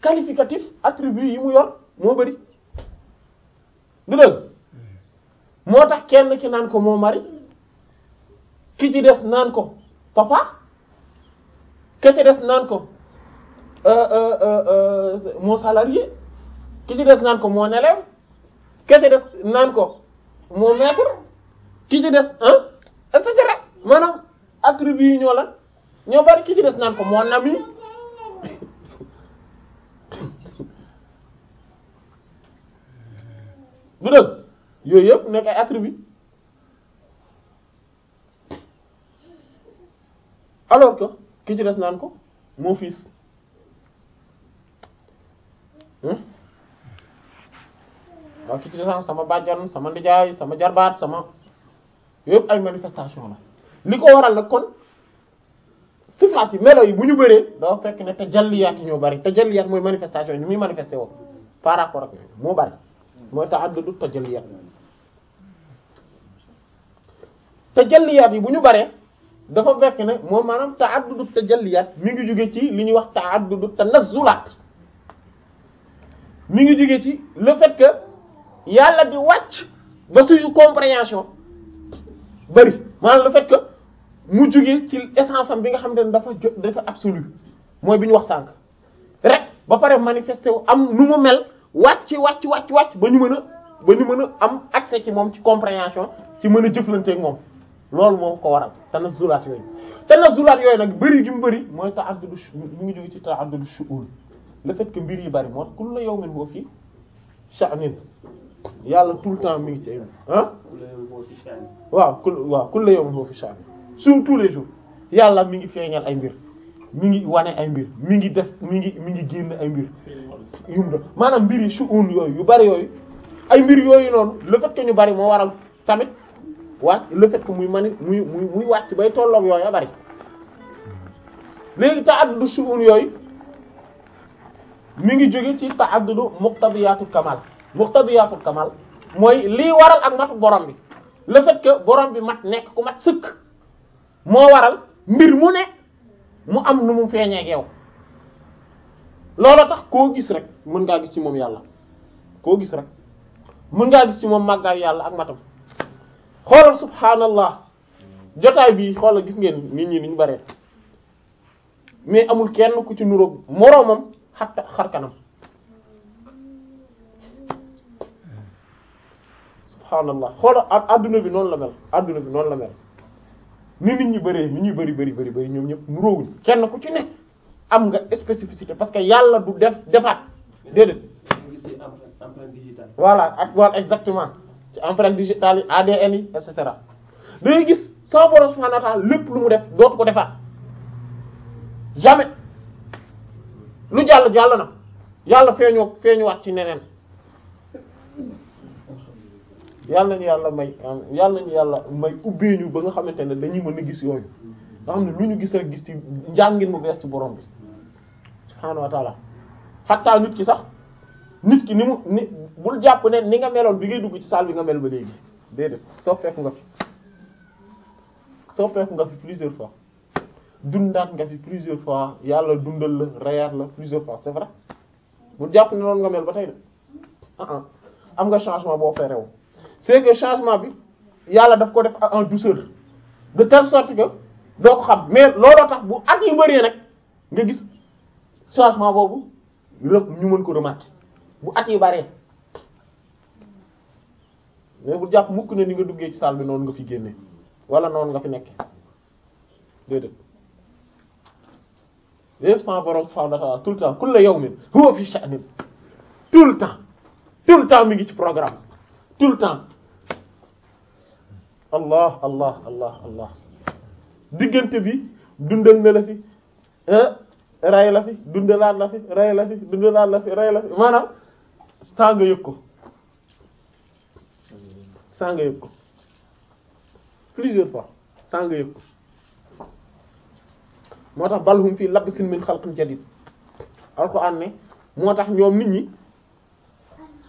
qualificatif attribut yi mu yor moo bari du dëgg moo tax kenn ki naan ko moo mari ki ci des naan ko papa ki ci des naan ko euh, euh, euh, moo salarié ki ci des naan ko mon élève ki ci des naan ko moo maître ki ci des ah et cetera maanaam attribut yi ñoo la ñoo bari ki ci des naan ko mon ami du dëgg yooyu yëpp nekk ay attribut alors que ki ci des naan ko mon fils aa ki ci des sama bàjjan sama nijaay sama jarbaat sama yooyu ay manifestation la li ko waral nag kon sifaat yi melo yi bu ñu bëree doo fekk ne tajalliyaat yi ñoo bari tajalliyaat mooy manifestation yi ni muy manifesté woo par rapport ak moo bari mooy ta'addudu tajalliyaat tajalliyaat yi bu ñu baree dafa fekk ne moo maanaam ta'addudu tajalliyaat mi ngi jóge ci li ñuy wax ta ta'addudu tanazzulaat mi ngi jóge ci le fait que yàlla di wàcc ba suñu compréhension bari maanaam le fait que mu jóge ci essence am bi nga xam ne dafa jo dafa absolu mooy bi ñu wax sànq rek ba pare manifesté wu am nu mu mel wàcc wàcc wàcc wàcc ba ñu mën a ba ñu mën a am accès ci moom ci compréhension ci mën a jëflanteeg moom loolu moom ko waral tanazzulaat yooyu tanazzulaat yooyu nag bëri gi mu bëri mooy ta'addudu mu ngi jóge ci ta'addudu shu'ul le fait que mbir yi bëri moo tax kullu yawmin huwa fi sha'nin yàlla tout le temps mi ngi ci ah waaw kul waaw kul la yawm huwa fi sha'n sur tous les jours yàlla mi ngi feeñal ay mbir mi ngi wane ay mbir mi ngi def mi ngi mi ngi génn ay mbir yum do maanaam mbir yi shu'un yooyu yu bari yooyu ay mbir yooyu noonu le fait ñu bari moo waral tamit wàcc le fait muy mani muy muy muy wàcc bay tolloog yooyu a bari léegi ta'addudu shu'un yooyu mu ngi jóge ci ta'addudu muqtadiyatul kamal muqtadiyatul kamal mooy lii waral ak matu borom bi le fait borom bi mat nekk ku mat sëkk moo waral mbir mu ne mu am nu mu feeñee yow loolu tax koo gis rek mën ngaa gis ci moom yàlla koo gis rek mën ngaa gis ci moom màggaay yàlla ak matam xoolal subhaanallah jotaay bi xoolal gis ngeen nit ñi ni ñu bare mais amul kenn ku ci nuroog moroomam xatta xar kanam subhaanallah xoola adduna bi noonu la mel adduna bi noonu la mel ni nit ñi bëree ni ñuy bëri bëri bëri bëri ñoom ñëpp nu róowuñ kenn ku ci nekk am nga spécificité parce que yàlla du def defaat déedéet voilà ak wal exactement ci empreinte digitale yi ADN yi et cetera day gis sama borom subhaanahu wa lépp lu mu def dootu ko defaat jamais lu jàll jàll na yàlla feeñoo feeñuwaat ci neneen yàlla nañu yàlla may yàlla nañu yàlla may ubbee ñu ba nga xamante ne dañuy mën a gis yooyu nga xam ne lu ñu gis rek gis ci njàngin mu bees ci borom bi subhaanahu wa taala xattaa nit ki sax nit ki ni mu ni bul jàpp ne ni nga meloon bi ngay dugg ci salle bi nga mel ba léegi déedéet soo fekk nga fi soo fekk nga fi plusieurs fois dundaat nga fi plusieurs fois yàlla dundal la reyaat la plusieurs fois c'est vrai bul jàpp ne noonu nga mel ba tey de ah ah am nga changement boo c'est que changement bi yàlla daf ko def en douceur de telle sorte que doo ko xam mais looloo tax bu at yu bëree nag nga gis changement boobu ñu mën ko remarquer bu at yu bëree mais bu jàpp mukk ne ni nga duggee ci salle bi noonu nga fi génne wala noonu nga fi nekk déedéet lépp sama borom subhanahu wa ta'ala tout le temps kullu yawmin huwa fi sha'nin tout le temps tout le temps mi ngi ci programme tout le temps allah allah allah diggante bi dundal na eh, la fi rey la fi dundalaat la fi rey la fi maanaam saa nga yëg ko saa nga yëg ko plusieurs fois saa nga yëg ko moo tax balhum fii labsin min xalqin jadid alquran ne moo tax ñoom nit ñi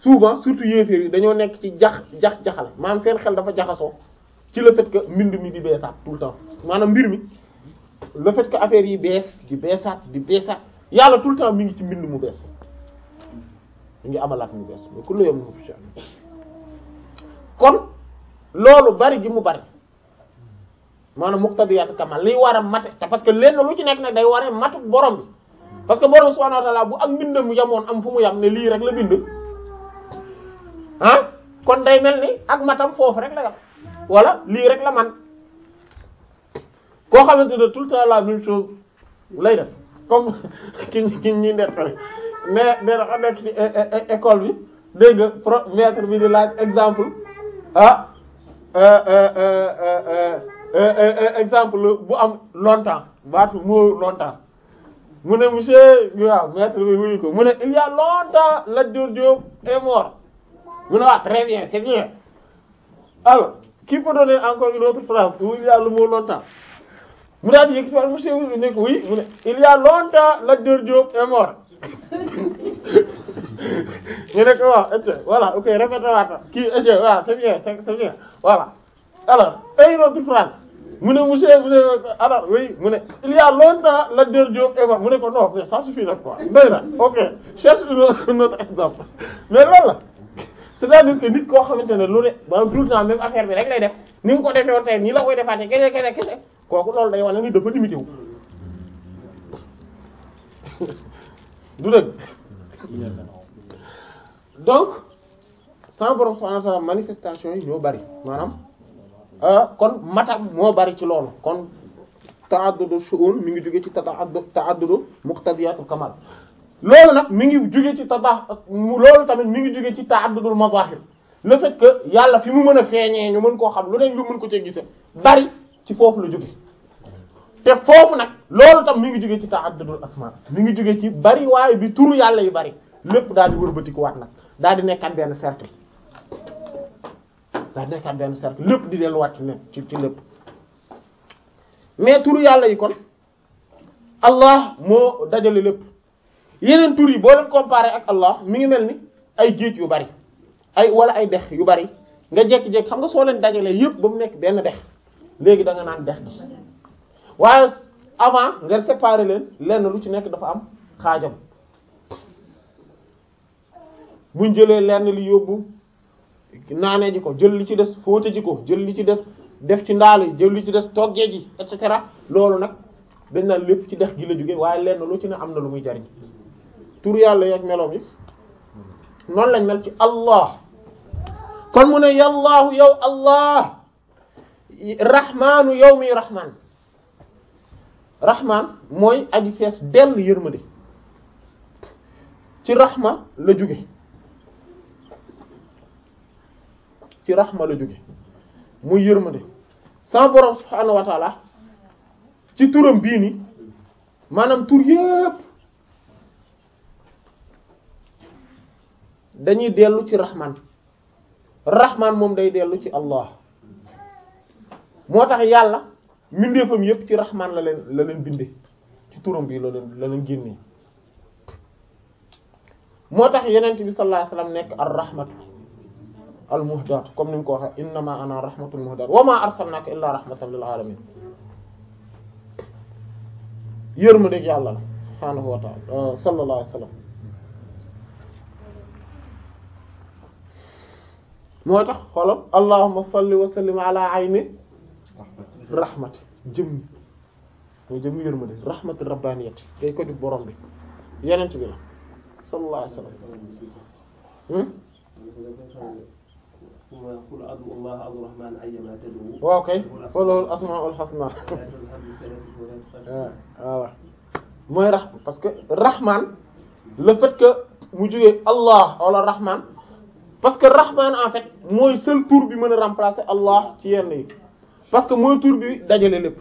souvent surtout yéeféer yi dañoo nekk ci jax jax jaxal maanaam seen xel dafa jaxasoo ci le fait que mbind mi di beesaat tout le temps maanaam mbir mi le fait que affaire yi bees di beesaat di beesaat yàlla tout temps mi ngi ci mbind mu bees mi ngi amalaat mu bees mais ku kon loolu bari gi mu bari maanaam muqtadiyat kamal liy war a mate parce que lenn lu ci nekk nag day waree matu borom bi parce que borom subhanahu wa ta'ala bu ak mbindam yamoon am fu mu yam ne lii rek la bind ah kon day mel ni ak matam foofu rek la yam wala lii rek la man koo xamante ne tout le la même chose lay def comme ki ki ñuy nettali mais mais dafa nekk ci école bi dégg nga bi di laaj exemple ah euh, euh, euh, exemple bu am longtemps baatu moo longtemps mu ne monsieur waaw maître bi wuyu ko mu ne il y a longtemps Lat Dior Diop mu ne waaw ah, très bien c'est bien alors qui peut donner encore une autre phrase où il a le mot longtemps mu daal di yëkkati monsieur Ousseynou ne ko oui il y a longtemps Lat Dior Diop est mort ñu ne ko waaw et voilà ok répété waata kii bien c'est bien voilà alors une autre phrase mu ne monsieur mu ne alors oui il y a longtemps Lat Dior Diop est mort mu ne ko non na ok cherche une autre exemple mais loolu la. cest à koo xamante ne lu ne maanaam bi rek lay def ni nga ko defee woon la koy defaatee kese kese kese kooku loolu day wane ni dafa limité du dëgg donc sans borom subhanahu wa manifestation yi ñoo bari maanaam euh, kon matam moo bari ci loolu kon ta'addudu shu'un mi ngi jóge ci ta'addudu muqtadiyatul kamal loolu nag mi ngi jóge ci tabax loolu tamit mi ngi jóge ci ta mazahir le fait que yàlla fi mu mën a feeñee ñu mën koo xam lu ne ñu mën ko cee gise bari ci foofu la jóge te foofu nag loolu tam mi ngi jóge ci ta'addudul asma mi ngi jóge ci bari waaye bi tur yàlla yu bari lépp daal di wërbëtikuwaat nag daal di nekkaat benn cercle daal di nekkaat benn cercle lépp di delluwaat ci ci lépp tur yàlla yi kon Allah moo dajale lépp yeneen tur yi boo leen comparé ak Allah mi ngi mel ni ay géej yu bari ay wala ay dex yu bari nga jékki-jékki xam nga soo leen dajalee yépp ba mu nekk benn dex léegi danga naan dex gi waaye avant nga séparer leen lenn lu ci nekk dafa am xaajam buñ jëlee lenn li yóbbu naanee ji ko jël li ci des fóote ji ko jël li ci des def ci ndaal yi jël li ci des toggee ji et cetera loolu nag dañ naan lépp ci dex gi la jóge waaye lenn lu ci ne am na lu muy jariñ tur yàlla yeeg meloom yi noonu lañ mel ci allah kon mu ne yallaahu yow allah rahmaanu yow mi rahmaan rahmaan mooy aji fees dell yërmande ci rahma la jóge ci rahma la jóge muy yërmande sama borom subhaanahu wa ci turam bii ni maanaam tur yépp dañuy dellu ci raxman rahman moom day dellu ci allah moo tax yàlla mbindeefam yépp ci rahman la leen la leen binde ci turam bi la leen la leen génnee moo tax yenent bi sallallahu alayhi wasallam nekk ar rahmatu al muhdaat comme ni mu ko waxee innama ana rahmatul muhdaat wa ma arsalnaaka illaa rahmatan lil alamin yërmandeeg yàlla la subhaanahu wa ta'ala sallallahu moo tax xoolal allahumma salli wa sallim ala ayni rahmati jëmm mooy jëmm yërmande rahmati rabbaniyati day ko di borom bi yenent bi la sallallahu alayhi wasallam hmm? waaw kay loolu asmaul husna waaw mooy rax parce que rahman le fait que mu jógee allah wala rahman parce que rahman en fait mooy seul tur bi mën a remplacer allah ci yenn yi parce que mooy tur bi dajalee lépp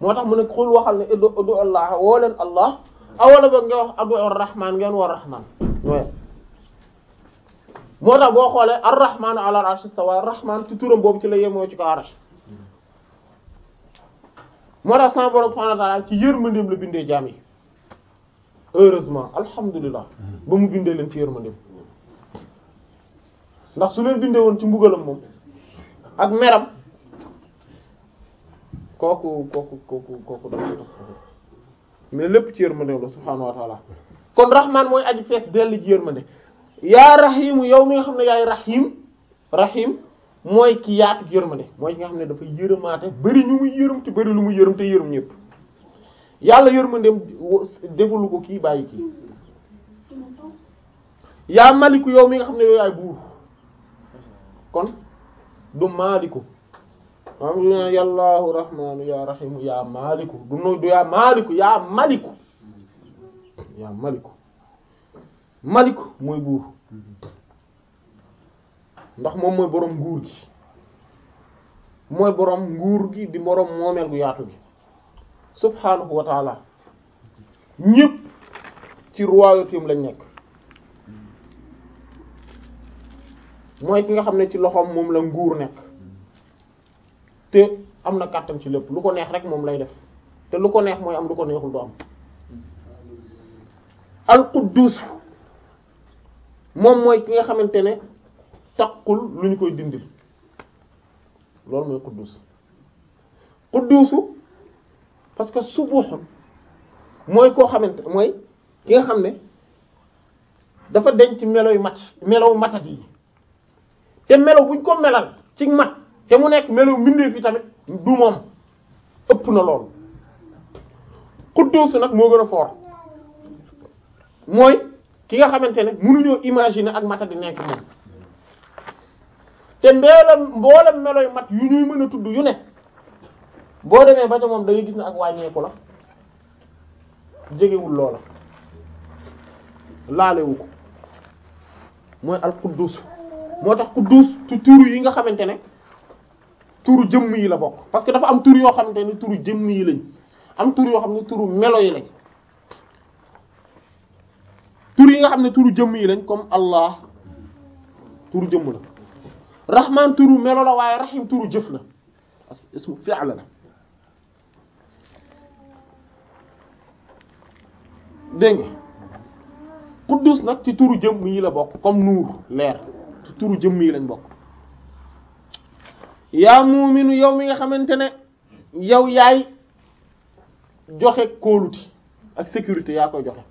moo tax mu ne xul waxal ne uddu uddu allah woo leen allah awala ba nga wax adu rahman ngeen woo rahman moo tax boo xoolee ar rahman ala al arsh istawa rahman ci turam boobu ci la yemoo ci ko arsh moo tax sama borom subhanahu ci yërmandeem la bindee jaam yi heureusement alhamdulilah hmm. ba mu bindee leen ci yërmandeem ndax su leen bindee woon ci mbugalam moom ak meram kooku kooku kooku kooku daf ko mais lépp ci yërmande la subhaanahu wa ta'ala kon rahmaan mooy aji fees dell ci yërmande yaa rahimu yow mi nga xam ne yaay rahim rahim mooy ki yaatu yërmande mooy ki nga xam ne dafa yërëmaate bari ñu muy yërëm lu mu yërëm te yërëm ñëpp yàlla yërmandeem defalu ko kii bàyyi kii yaa maliku yow mi nga xam ne yow yaay buur kon du maaliku am yàllaahu rahmaanu yaa rahimu yaa maaliku du no yaa maliku yaa maliku maliku mooy buur ndax moom mooy boroom nguur gi mooy boroom nguur gi di boroom moomeel gu yaatu gi subhaanahu wa taala ñépp ci royauté lañ nekk mooy ki nga xam ne ci loxoom moom la nguur nekk te am na kàttan ci lépp lu ko neex rek moom lay def te lu ko neex mooy am lu ko neexul du am al quddus moom mooy ki nga xamante ne taqul lu ñu koy dindil loolu mooy quddus quddusu parce que subuhun mooy koo xamante mooy ki nga xam ne dafa denc meloy mat melow matat yi te melo buñ ko melal ci mat te mu nekk melo mbindeef yi tamit du moom ëpp na loolu xudduus nag moo gën a fort mooy ki nga xamante ne mënuñoo imaginer ak mata di nekk moom te mbeelam mboolem meloy mat yu ñuy mën a tudd yu ne boo demee ba ca moom da gis ne ak wàññeeku la jegewul loola laalewu ko mooy alxudduus moo tax qudduus tu tur yi nga xamante ne turu jëmm yi la bokk parce que dafa am tur yoo xamante ne turu jëmm yi lañ am tur yoo xam ne turu melo yi lañ tur yi nga xam ne turu jëmm yi lañ comme Allah turu jëmm la rahman turu melo la waaye rahim jëf la ismu fi'l la dégg nga quddus nag ci turu jëmm yi la bokk comme nuur leer turu jëmm yi lañ bokk yaa muuminu yow mi nga xamante ne yow yaay joxe kóolute ak sécurité yaa koy joxe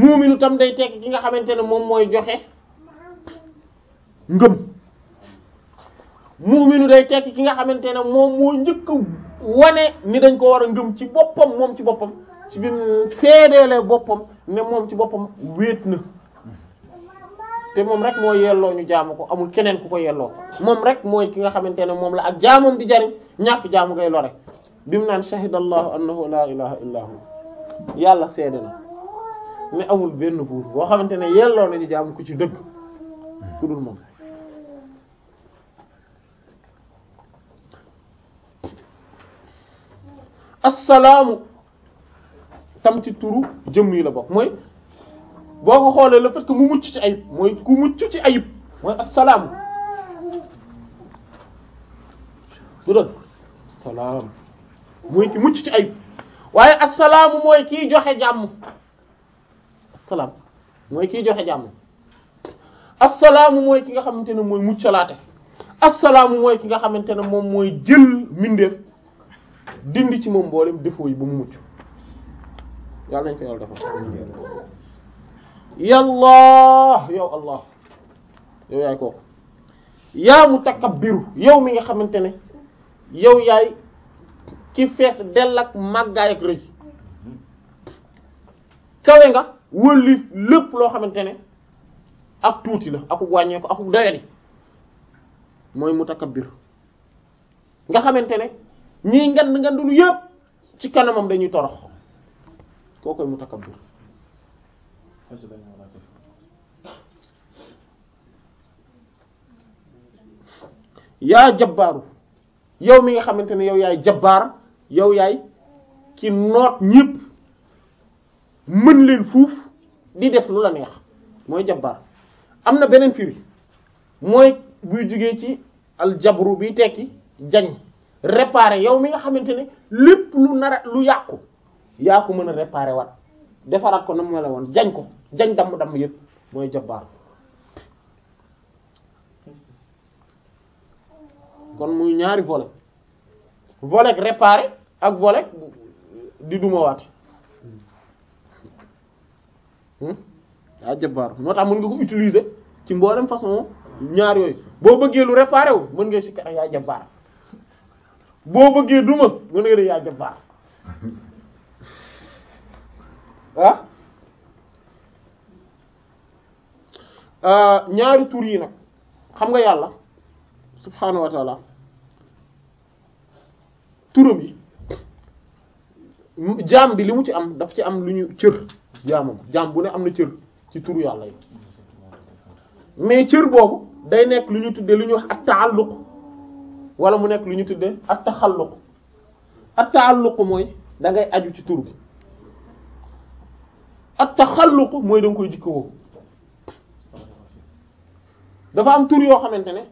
muuminu tam day tekk ki nga xamante ne moom mooy joxe ngëm muuminu day tekk ki nga xamante ne moom moo njëkk wane ni dañ ko war a ngëm ci boppam moom ci boppam ci bi seedeele boppam ne moom ci boppam wéet na te moom rek moo yelloo ñu jaamu ko amul keneen ku ko yelloo moom rek mooy ki nga xamante ne moom la ak jaamam di jariñ ñàkk jaamu ngay lore bi mu naan shahidallahu annahu la laa illa hu yàlla seede na ne amul benn buur boo xamante ne yelloo nañu jaamu ko ci dëgg ku dul moom assalaamu tam ci turu jëmm yi la bokk mooy boo ko xoolee la fait mu mucc ci ayib mooy ku mucc ci ayib mooy salaam mooy ki mucc ci ayib waaye asalaamu mooy kiy joxe jàmm asalaam mooy kiy joxe jàmm asalaamu mooy ki nga xamante ne mooy muccalaate asalaamu mooy ki nga xamante ne moom mooy jël mbindeef dindi ci moom mboolem défaut yi ba mu mucc yàlla nañ ko yàlla defal yàlla yow allah yow yaay kooku yaa mutakabbiru yow mi nga xamante ne yow yaay ci fees dell ak màggaay ak rëy kawe nga wëlif lépp loo xamante ne ak tuuti la aku wàññeeku aku dayani mooy mu mutakabbir nga xamante ne ñiy ngand ngandulu yépp ci kanamam dañuy torox kookoy mutakabbir yaa jabbaaru yow mi nga xamante ne yow yaay jabbaar yow yaay ki noot ñépp mën leen fuuf di def lu la neex mooy jabbaar am na beneen firi mooy buy jugee ci aljabru bi tekki jañ réparer yow mi nga xamante ne lépp lu nara lu yàqu yaa ko mën a réparer waat defaraat ko na mu la woon jañ ko jañ damm damm yëpp mooy jabbaar kon muy ñaari volet volet réparé ak volet di dumawaate daa hmm? jabbaar moo tax mën nga ko utiliser ci mboolem façon ñaari yooyu boo bëggee lu réparé wu mën nga si kar yaa jabbaar boo bëggee duma mën nga def yaa jabbaar Ah. ah ñaari tur yi nag xam nga yàlla subhaanahu wa taala turam yi jaam bi li mu ci am daf ci am lu ñu cër jaamam jaam bu ne am na cër ci tur yàlla yi mais cër boobu day nekk lu ñu tudde lu ñuy wax ak walla mu nekk lu ñu tudde ak taxalluq ak taalluq mooy da ngay aju ci tur bi at taxalluq mooy da nga koy jikkowoo dafa am tur yoo xamante ne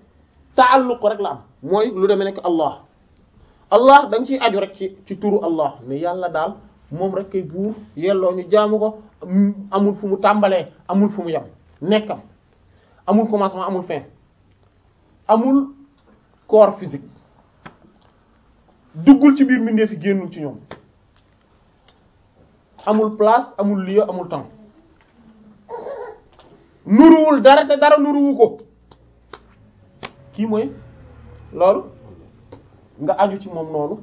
taalluq rek la am mooy lu demee nekk allah allah da nga ciy aju rek ci ci turu allah mais yàlla daal moom rek kay buur yelloo ñu jaamu ko amul fu mu tàmbalee amul fu mu yem nekkam amul commencement amul fin amul corps physique duggul ci biir mbindeef fi génnul ci ñoom amul place amul lieu amul temps nuruwul dara te dara nuruwu ko kii mooy loolu nga aju ci moom noonu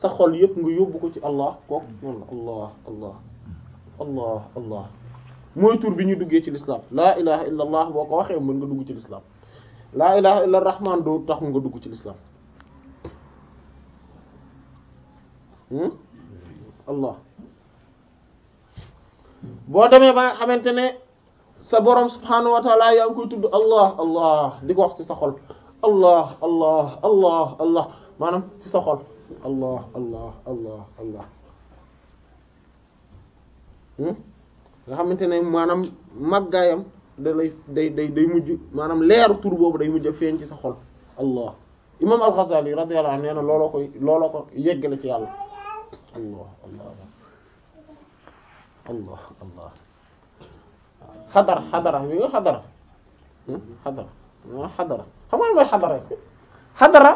sa xol yépp nga yóbbu ko ci allah kooku noonu allah allah allah allah mooy tur bi ñu duggee ci lislaam laa ilaha illa allah boo ko waxee mën nga dugg ci lislaam laa ilaha illa doo tax nga dugg ci lislaam hmm? allah boo demee ba nga xamante ne sa borom subhaanahu wa taala yaa ngi koy tudd allah allah di ko wax ci sa xol allah allah allah allah maanaam ci sa xol allah allah allah allah hmm? nga xamante ne maanaam màggaayam da lay day day day mujj maanaam leeru tur boobu day mujj a feeñ ci sa xol allah imam al-Ghazali radiyallahu na looloo koy looloo ko yeggale ci yàlla allah allah allah allah xadara xadara yooyu xadara hmm? xadara moo xadara xam nga mooy xadara est-ce que xadara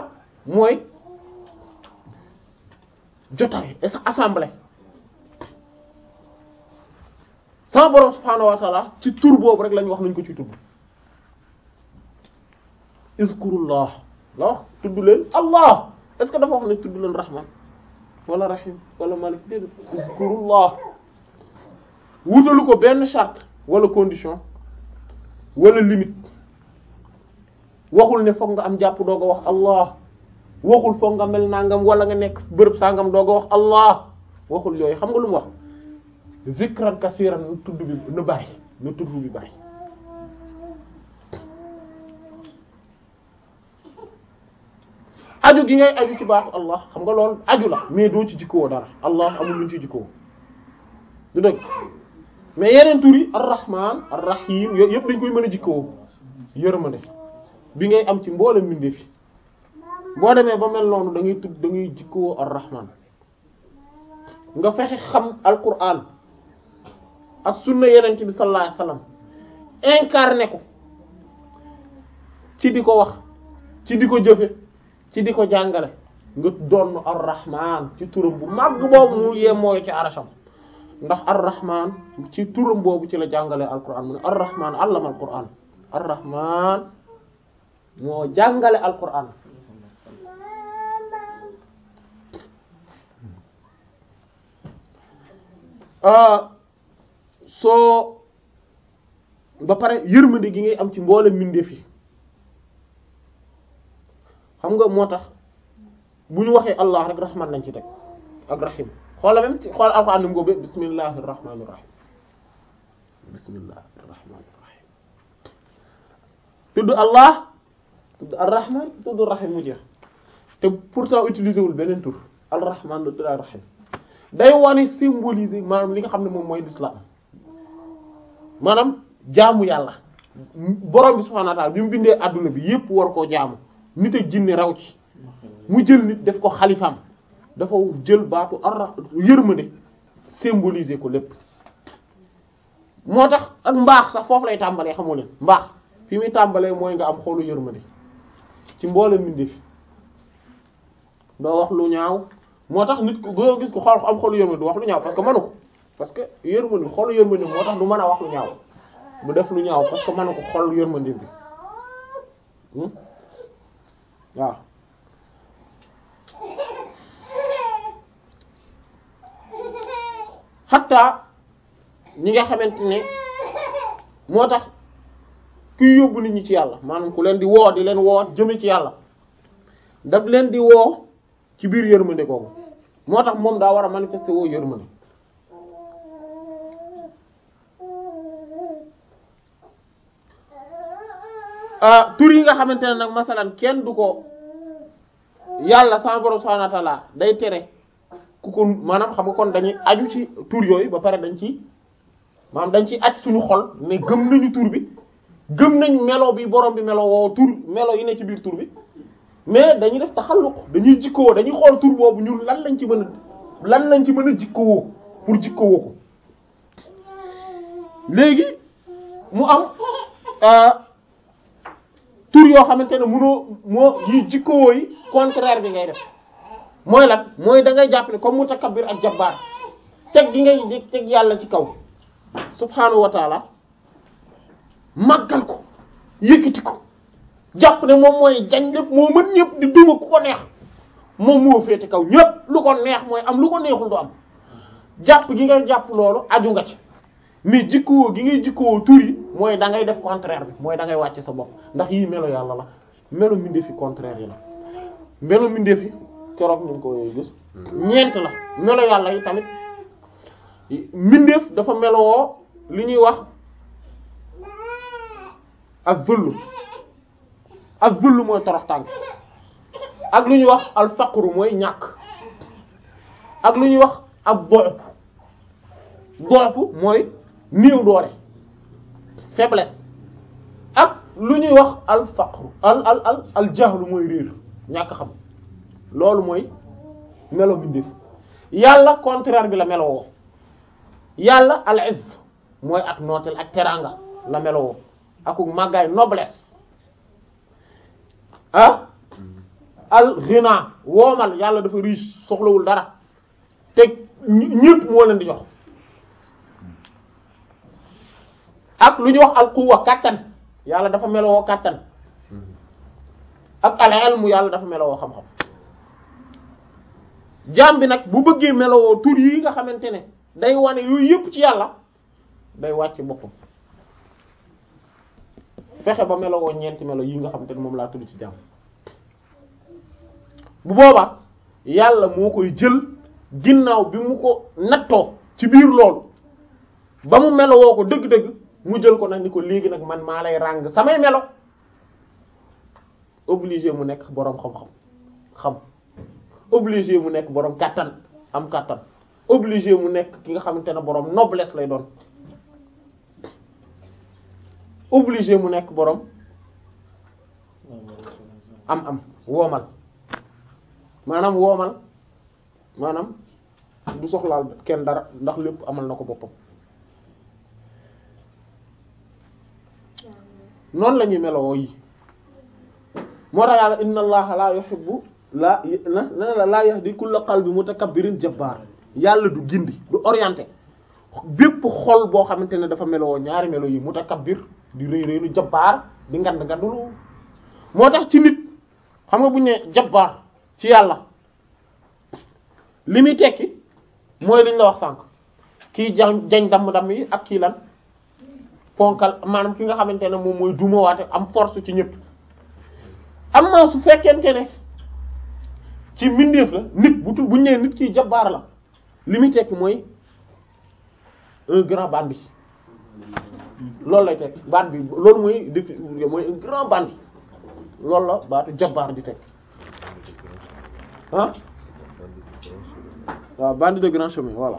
mooy jotaay est-ce ci tur boobu rek lañu ñu wax nañ ko ci tudd iskurullah la wax tudd leen allah est-ce dafa wax ne tudd leen rahman wala rahim wala malik déedéet iskurullah wutalu ko benn charte wala condition wala limite waxul ne foog nga am jàpp doo a wax allah waxul foog nga mel nangam wala nga nekk bërëb sangam doo a wax allah waxul yooyu xam nga lu mu wax zikran kasiran nu tudd bi nu bari nu tudd bi bari aju gi ngay aju ci baaxu allah xam nga lool aju la mais doo ci jikkoo dara allah amul luñ ci jikkoo du dëgg mais yeneen tur yi ar-rahman ar-rahim yëpp dañ koy mën a jikkoo yërmande bi ngay am ci mboolem mbindeef fi boo demee ba mel noonu dangay ngay tudd da ngay jikkoo ar nga fexe xam alquran ak sunna yeneen bi sallallahu alayhi wasallam ne ko ci di ko wax ci di ko jëfe ci di ko jàngale nga doon ar-rahman ci turam bu màgg boobu mu mooy ci arasham ndax ar-rahman ci turam boobu ci la jàngalee alquran mu ne ar-rahman allama alquran ar-rahman moo jàngale alquran ah, soo ba pare yërmande gi ngay am ci mboole mbindeef yi xam nga moo tax bu ñu waxee allah rek rahman lañ ci teg ak xoola même ci xool alxuraan ni mu góobee bismillahi rahmaani rahim bismillahi rahmaani rahim tudd allah tudd arrahman rahim mu jeex te pourtant utilisé wul beneen tur arrahman tudd arrahim day wane symboliser maanaam li nga xam ne moom mooy l'islam maanaam jaamu yàlla borom bi subhanahu wa bi mu bindee adduna bi yépp war koo jaamu nit ak jinne raw ci mu jël nit def ko xalifam dafa jël baatu ar yërmande symboliser ko lépp moo tax ak mbaax sax foofu lay tàmbalee xamu leen mbaax fi muy tàmbalee mooy nga am xolu yërmande ci mboole mbindeef doo wax lu ñaaw moo tax nit ko gis ko xool am xoolu yërmande du wax lu ñaaw parce que manu ko parce que yërmande xolu yërmande moo tax du mën a wax lu ñaaw bu def lu ñaaw parce que manu ko xol yërmande bi hmm? waaw xatta ñi nga xamante ne moo tax kuy yóbbu nit ñi ci yàlla maanaam ku leen di woo di leen woo jëme ci yàlla daf leen di woo ci biir yërmande googu moo tax moom daa war a manifester woo yërmande ah, tur yi nga xamante ne nag masalan kenn du ko yàlla sa borom subhanahu wa day tere ku ko maanaam xam nga kon dañuy aju ci tur yooyu ba pare dañ ci maanaam dañ ci aj suñu xol mais gëm nañu tur bi gëm nañ melo bi borom bi melo woo tur melo yi ne ci biir tur bi mais dañuy def taxalluq dañuy jikkoo dañuy xool tur boobu ñun lan lañ ci mën a lan lañ ci mën a jikkoo pour jikkoo ko léegi mu am euh, tur yoo xamante ne mënoo moo yi jikkoo yi contraire bi ngay def mooy lan mooy da ngay jàpp ne comme mutakabbir ak jabbaar teg gi ngay di teg yàlla ci kaw subhaanahu wa taala màggal ko yëkkati ko jàpp ne moom mooy jañ lépp moo mën ñëpp di duma ku ko neex moom moo féete kaw ñëpp lu ko neex mooy am lu ko neexul du am jàpp gi nga jàpp loolu aju nga ci mais jikkoo gi ngay jikkoo tur mooy da ngay def contraire bi mooy da ngay wàcce sa bopp ndax yii melo yàlla la melo mbindeef yi contraire yi la melo mbindeef yi keroog ñu ngi ko gis hmm. ñeent la melo yàlla yi tamit mbindeef dafa meloo li ñuy wax ak zullu ak zullu mooy toroxtaange ak lu ñuy wax al faqru mooy ñàkk ak lu ñuy wax ak doyof doyofu mooy néew doore faiblesse ak lu ñuy wax al faqru al al al al mooy réer ñàkk xam loolu mooy melo mbindeef yàlla contraire bi la melowoo yàlla al izz mooy ak nooteel ak teraanga la melowoo akuk màggaay noblesse ah al ghina woomal yàlla dafa riche soxlawul dara te ñépp moo di jox ak lu ñuy wax al quwwa kàttan yàlla dafa melowoo kàttan ak al ilmu yàlla dafa melowoo xam-xam jaam bi nag bu bëggee melowoo tur yi nga xamante ne day wane yooyu yëpp ci yàlla day wàcce boppam fexe ba melowoo ñeenti melo yi nga xamante ne moom laa tudd ci jaam bu boobaa yàlla moo koy jël ginnaaw bi mu ko nattoo ci biir loolu ba mu melowoo ko dëgg-dëgg mu jël ko nag ni ko léegi nag man maa lay ràng samay melo obligé mu nekk boroom xam-xam xam obligé mu nekk boroom kàttan am kàttan obligé mu nekk ki nga xamante ne boroom noblesse lay doon obligé mu nekk boroom am am woomal maanaam woomal maanaam du soxlaal kenn dara ndax lépp amal na ko boppam noonu la ñuy meloo yi moo tax yàlla inna allaha la yuhibbu laa na la laa yahdi kulla qalbi mutakabbirin jabbaar yàlla du gindi du orienté bépp xol boo xamante ne dafa meloo ñaari melo yi mutakabbir di rëy rëy lu jabbaar di ngand ngandulu moo tax ci nit xam nga bu ñu nee jabbaar ci yàlla li muy tekki mooy dañ la wax sànq ki jañ jañ damm-damm yi ak kii lan ponkal maanaam ki nga xamante ne moom mooy dumawaate am force ci ñëpp am na su fekkente ne ci mbindeef la nit bu buñ nee nit kii jabbaar la li muy tekki mooy un grand bandit loolu la baatu jabbaar di tekki ah waaw bandit de grand chemin voilà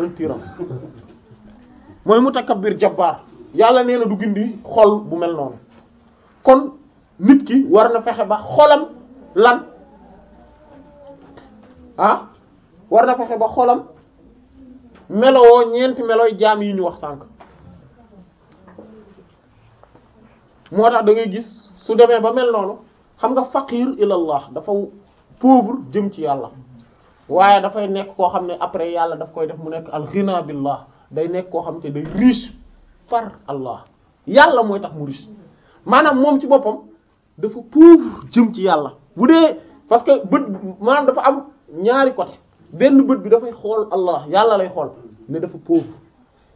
un tyran mooy mutakabbir jabbaar yàlla nee na du gindi xol bu mel noonu kon nit ki war na fexe ba xolam lan ah war na fexe ba xolam melowoo ñeenti melooy jaam yi ñu wax sànq moo tax da ngay gis su demee ba mel noonu xam nga faqir ilallah dafa pauvre jëm ci yàlla waaye dafay nekk koo xam ne après yàlla daf koy def mu nekk al ghina billah day nekk koo xam te day riche par Allah yàlla mooy tax mu riche maanaam moom ci boppam dafa pauvre jëm ci yàlla bu dee parce que bët maam dafa am ñaari côté benn bët bi dafay xool Allah yàlla lay xool ne dafa pauvre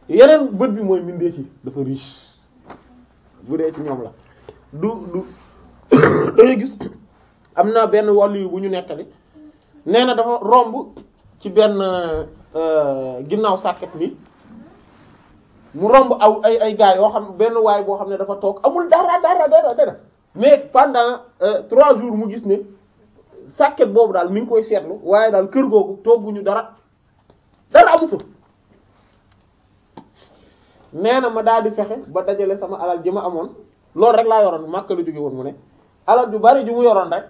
yeneen bët bi mooy mbindeef yi dafa riche bu dee ci ñoom la du du dangay gis am na benn wàll yu bu ñu nettali nee na dafa romb ci benn euh, ginnaaw sàkket bi mu romb aw ay ay gars yoo xam benn waay boo xam ne dafa toog amul dara dara dara dara mais pendant euh, trois jours mu gis ne sàkket boobu daal mi ngi koy seetlu waaye daal kër googu togguñu dara dara amu fa nee na ma daal di fexe ba dajale sama alal ji ma amoon loolu rek laa yoroon Makka la jóge woon mu ne alal ju bari ji mu yoroon rek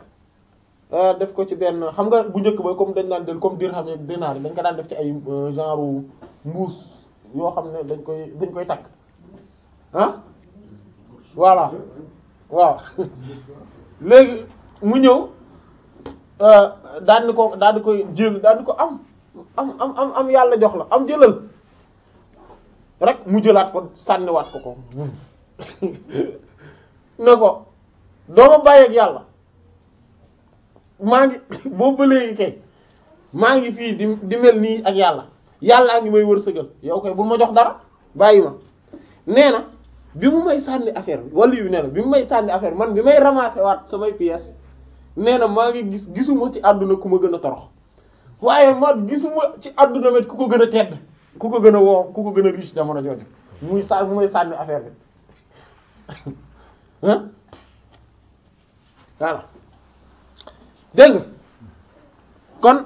euh, def ko ci benn xam nga bu njëkk ba comme dañ daan del comme dirham ak dinaar dañ ko daan def ci ay euh, genre mbuus yoo xam ne dañ koy dañ koy takk ah voilà waaw léegi mu ñëw euh, daal ko daal koy jël daal ko am am am am yàlla jox la am jëlal rek mu jëlaat ko sànniwaat ko ko ne ko doo bàyyi ak yàlla maa ngi boo ba kay maa ngi fii di di mel nii ak yàlla yàllaa ngi may wërsëgal yow koy bul ma jox dara bàyyi ma nee na bi mu may sànni affaire bi wala yu nee na bi mu may sànni affaire man bi may ramasser waat samay pièces nee na maa ngi gis gisuma ci àdduna ku ma gën a torox waaye ma gisuma ci àdduna met ku ko gën a tedd ku ko gën a woo ku ko gën a riche jamono jooju muy sa muy sànni affaire bi ah voilà dégg kon.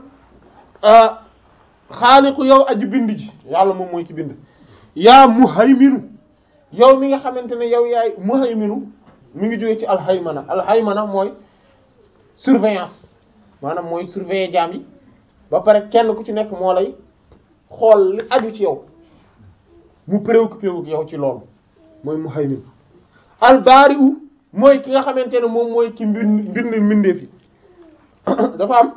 Euh, xaaliqu yow aji bind ji yàlla moom mooy ki bind yaa muhayminu yow mi nga xamante ne yow yaay muhayminu mi ngi jógee ci alhaymana alhaymana mooy surveillance maanaam mooy surveiller jaam yi ba pare kenn ku ci nekk moo lay xool li aju ci yow mu préoccupé wu yow ci loolu mooy muhaymin albaari'u mooy ki nga xamante ne moom mooy ki mbind mbind mbindeef yi dafa am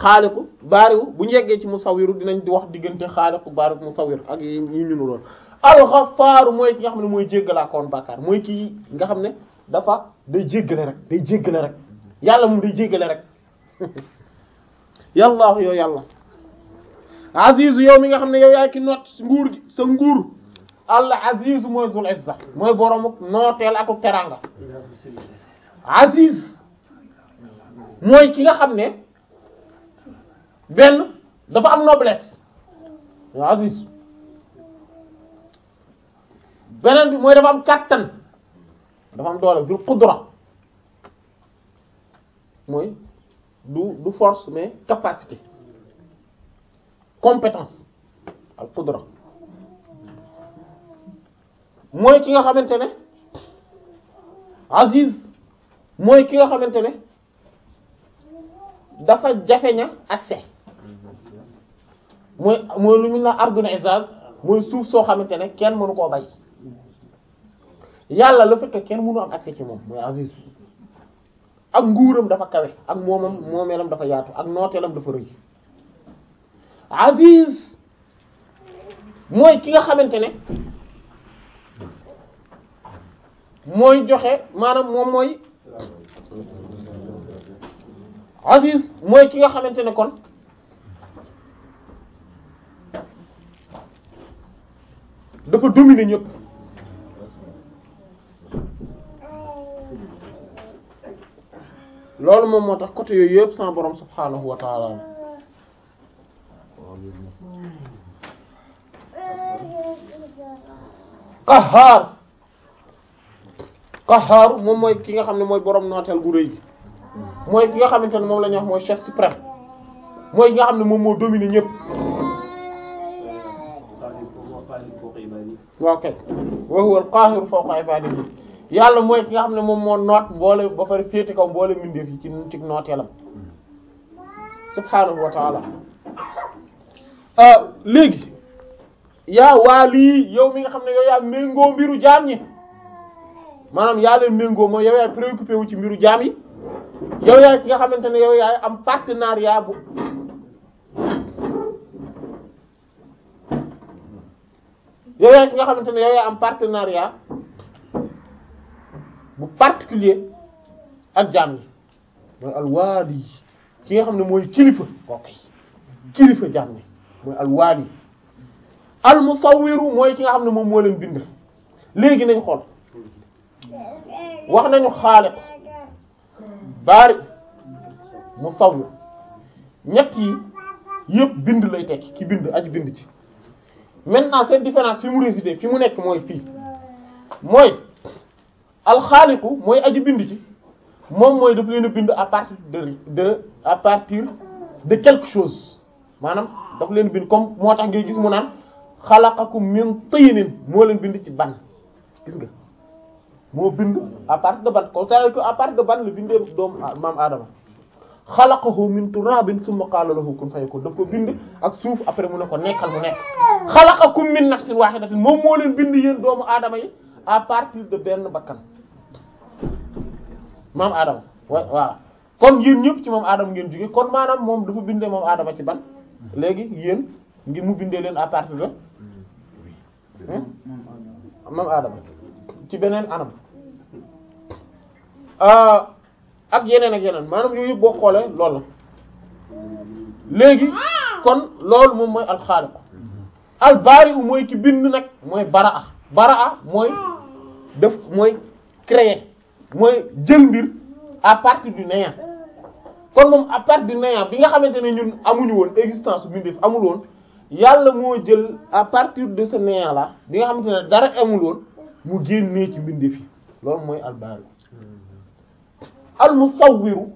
xaaliqu baariwu bu njeggee ci musawiru dinañ di wax diggante xaaliqu baariwu musawir ak yi ñu lool alxafaaru mooy ki nga xam ne mooy jéggalaakoon bàkkaar mooy kii nga xam ne dafa day jéggale rek day jéggale rek yàlla moom day jéggale rek yàllaahu yow yàlla azizu yow mi nga xam ne yow yaay ki noot nguur sa nguur al azizu mooy zul izza mooy boromuk nooteel akuk teranga aziz mooy ki nga xam ne benn dafa am noblesse aziz beneen bi mooy dafa am kàttan dafa am doole du qudra mooy du du force mais capacité compétence al qudra mooy ki nga xamante ne aziz mooy ki nga xamante ne dafa jafeña accès mooy mooy lu ñu naan arduna isaz mooy suuf soo xamante ne kenn mënu koo bay yàlla la fekk kenn mënu am accès ci moom mooy aziz ak nguuram dafa kawe ak moomam moomeelam dafa yaatu ak nooteelam dafa rëy aziz mooy ki nga xamante ne mooy joxe maanaam moom mooy aziz mooy ki nga xamante ne kon dafa dominer ñëpp loolu moom moo tax côté yooyu yëpp sant borom subhaanahu wa ta'ala qahaar qahaar moom mooy ki nga xam ne mooy borom nooteel gu rëy gi mooy ki nga xamante ne moom la ñuy wax mooy chef suprême mooy ki nga xam ne moom moo dominer ñëpp waaw kay wa huwa al-qaahiru fawqa ibaadihi yàlla mooy ki nga xam ne moom moo noot mboole ba pare féete kaw mboole mbindeef yi ci ci nooteelam subhaanahu wa taala ah, léegi yaa waali yow mi nga xam ne yow yaa méngoo mbiru jaam yi maanaam yaa leen méngoo mooy yow yaay préoccupé wu ci mbiru jaam yi yow yaay ki nga xamante ne yow yaay am partenariat bu yow yaa nga xamante ne yow yaa am partenariat bu particulier ak jaam yi mooy alwaali yi ki nga xam ne mooy kilifa kooku kilifa jaam yi mooy alwaali yi mooy ki nga xam ne moom moo leen bind léegi nañ xool wax nañu xaaliq baari musawwir ñett yi yëpp bind lay tekki ki bind aji bind ci maintenant cette différence fi mu résider fi mu nekk mooy fii mooy alxaaliqu mooy aji bind ci moom mooy daf leen a bind à partir de de à partir de quelque chose maanaam daf leen bind comme moo tax ngay gis mu naan xalaqakum min tinin moo leen bind ci ban gis nga moo bind à partir de ban comme ça à partir de ban la bindee doomu maam Adama. xalaqahu min turabin summa qaala lahu kun fayakun daf ko bind ak suuf après mu ne ko nekkal mu nekk xalaqakum min nafsin wahidatin moom moo leen bind yéen doomu aadama à partir de benn bakkan maam kon yéen ñëpp ci moom aadama ngeen jóge kon maanaam moom dafa bindee moom aadama ci ban léegi yéen ngir mu bindee leen à partir de hmm? maam ci beneen anam euh, ak yeneen ak yeneen maanaam yooyu yëpp boo xoolee loolu la léegi kon loolu moom mooy alxaaliq albaari u mooy ki bind nag mooy baraa baraa mooy def mooy créer mooy jël mbir à partir du néant kon moom à partir du néant bi nga xamante ne ñun amuñu woon existence mbindeef amul woon yàlla moo jël à partir de ce néant la bi nga xamante ne dara amul woon mu génnee ci mbindeef yi loolu mooy albaari hmm. al musawwiru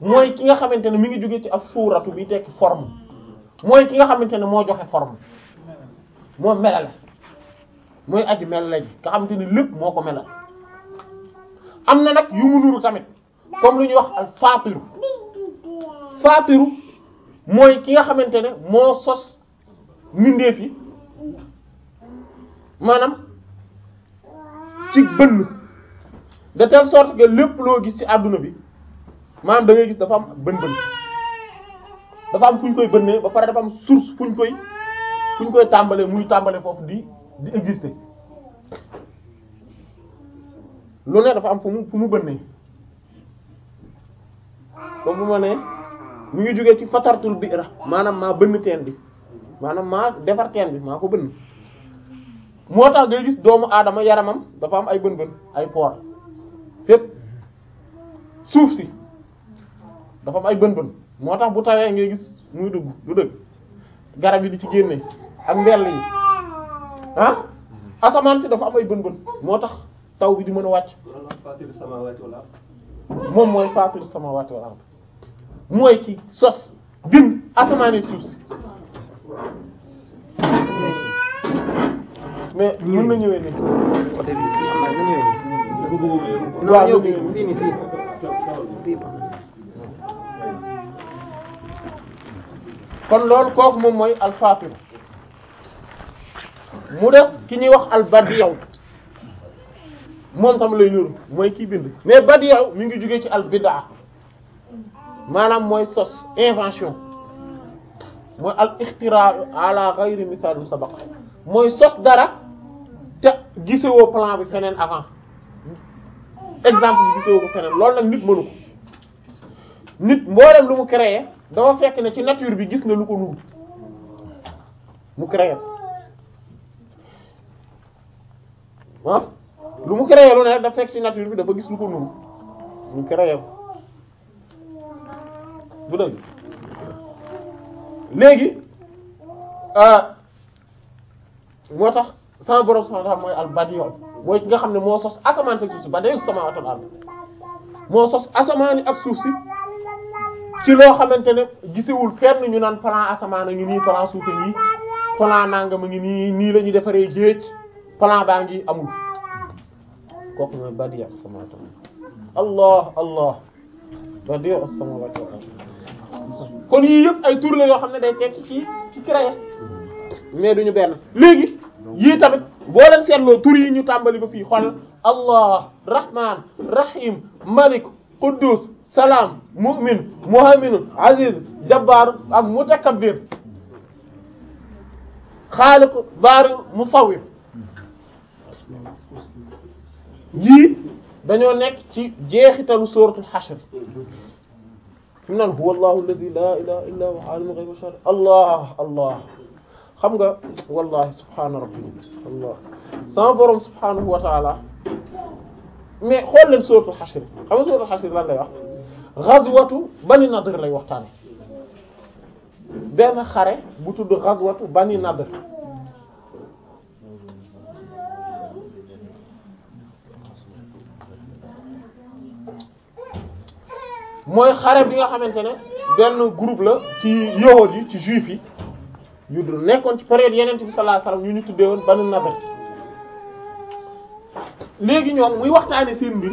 mooy ki nga xamante ne mu ngi jóge ci ak suuratu bi tekki forme mooy ki nga xamante ne moo joxe forme moo melal mooy aji melal ji nga xamante ne lépp moo ko melal am na nag yu mu tamit comme lu ñuy wax al faatiru faatiru mooy ki nga xamante ne moo sos mbindeef yi maanaam ci bënn de telle sorte que lépp loo gis ci àdduna bi maanaam dangay gis dafa am bën-bën dafa am fu ñu koy bënnee ba pare dafa am source fu ñu koy fu ñu koy tàmbalee muy tàmbalee foofu di di exister lu ne dafa am fu mu fu mu bënnee comme bu ma ne mu ngi jógee ci fatartul bi'ra maanaam maa bënn teen bi maanaam maa defar teen bi maa ko bënn moo tax ngay gis doomu aadama yaramam dafa am ay bën-bën ay poor suuf si dafa am ay bën-bën moo tax bu tawee ngay gis muy dugg du dëgg garab yi di ci génne ak mbell yi ah asamaan si dafa am ay bën-bën moo tax taw bi di mën a wàcc moom mooy faatiru samaawaati wal ard mooy ki sos bind asamaan yi suuf si mais mën na ñëwee nii. waaw mën na nii. kon loolu kooku moom mooy alfaatiru mu def ki ñuy wax albadiyaw moom tam lay nuru mooy kii bind mais badiyaw mu ngi jóge ci biddaa maanaam mooy sos invention mooy al ixtiraa ala ghayri misaalum sabaq mooy sos dara te gisewoo plan bi feneen avant exemple bi gisewoo ko feneen lool nag nit mënu nit mboolem lu mu créé dafa fekk na ci nature bi gis na lu ko nuru mu créé lu mu créé lu ne dafa ci nature bi dafa gis lu ko nuru mu créé ko bu léegi euh, moo tax sama borom subhanahu wa ta'ala mooy al-Badi'u mooy nga xam ne moo sos asamaan ak suuf si Badi'u samawati wal ard moo sos asamaan ak suuf si. ci loo xamante ne gisewul fenn ñu naan plan asamaan a ngi nii plan suuf a ngi plan ngi nii nii la ñu defaree géej plan baa ngi amul kooku mooy badi'u samawati kon yii yëpp ay tur yoo xam ne day tekki ci ci créé mais duñu benn léegi yii tamit boo leen seetloo tur yi ñu tàmbali ba fii xol allah rahman rahim malik quddus salaam mu'min muhaymin aziz jabbaar ak mutakabbir xaaliq baari musawwir yii dañoo nekk ci jeexitalu suratul hashr fi mu naan huwa allahu alladhi laa ilaha illa huwa aalimul ghaybi wash-shahaada allah allah xam nga wallahi subhaana rabbi allah sama borom subhaanahu wa taala mais xool leen suratul hashr xam nga suratul hashr lan lay wax ghazwatu bani Nadir lay waxtaane benn xare bu tudd ghazwatu bani Nadir mooy xare bi nga xamante ne benn group la ci yahuud yi ci juif yi yu dul nekkoon ci période yeneen bi sallallahu alayhi yu ñu tuddee woon banu Nadir léegi ñoom muy waxtaane seen mbir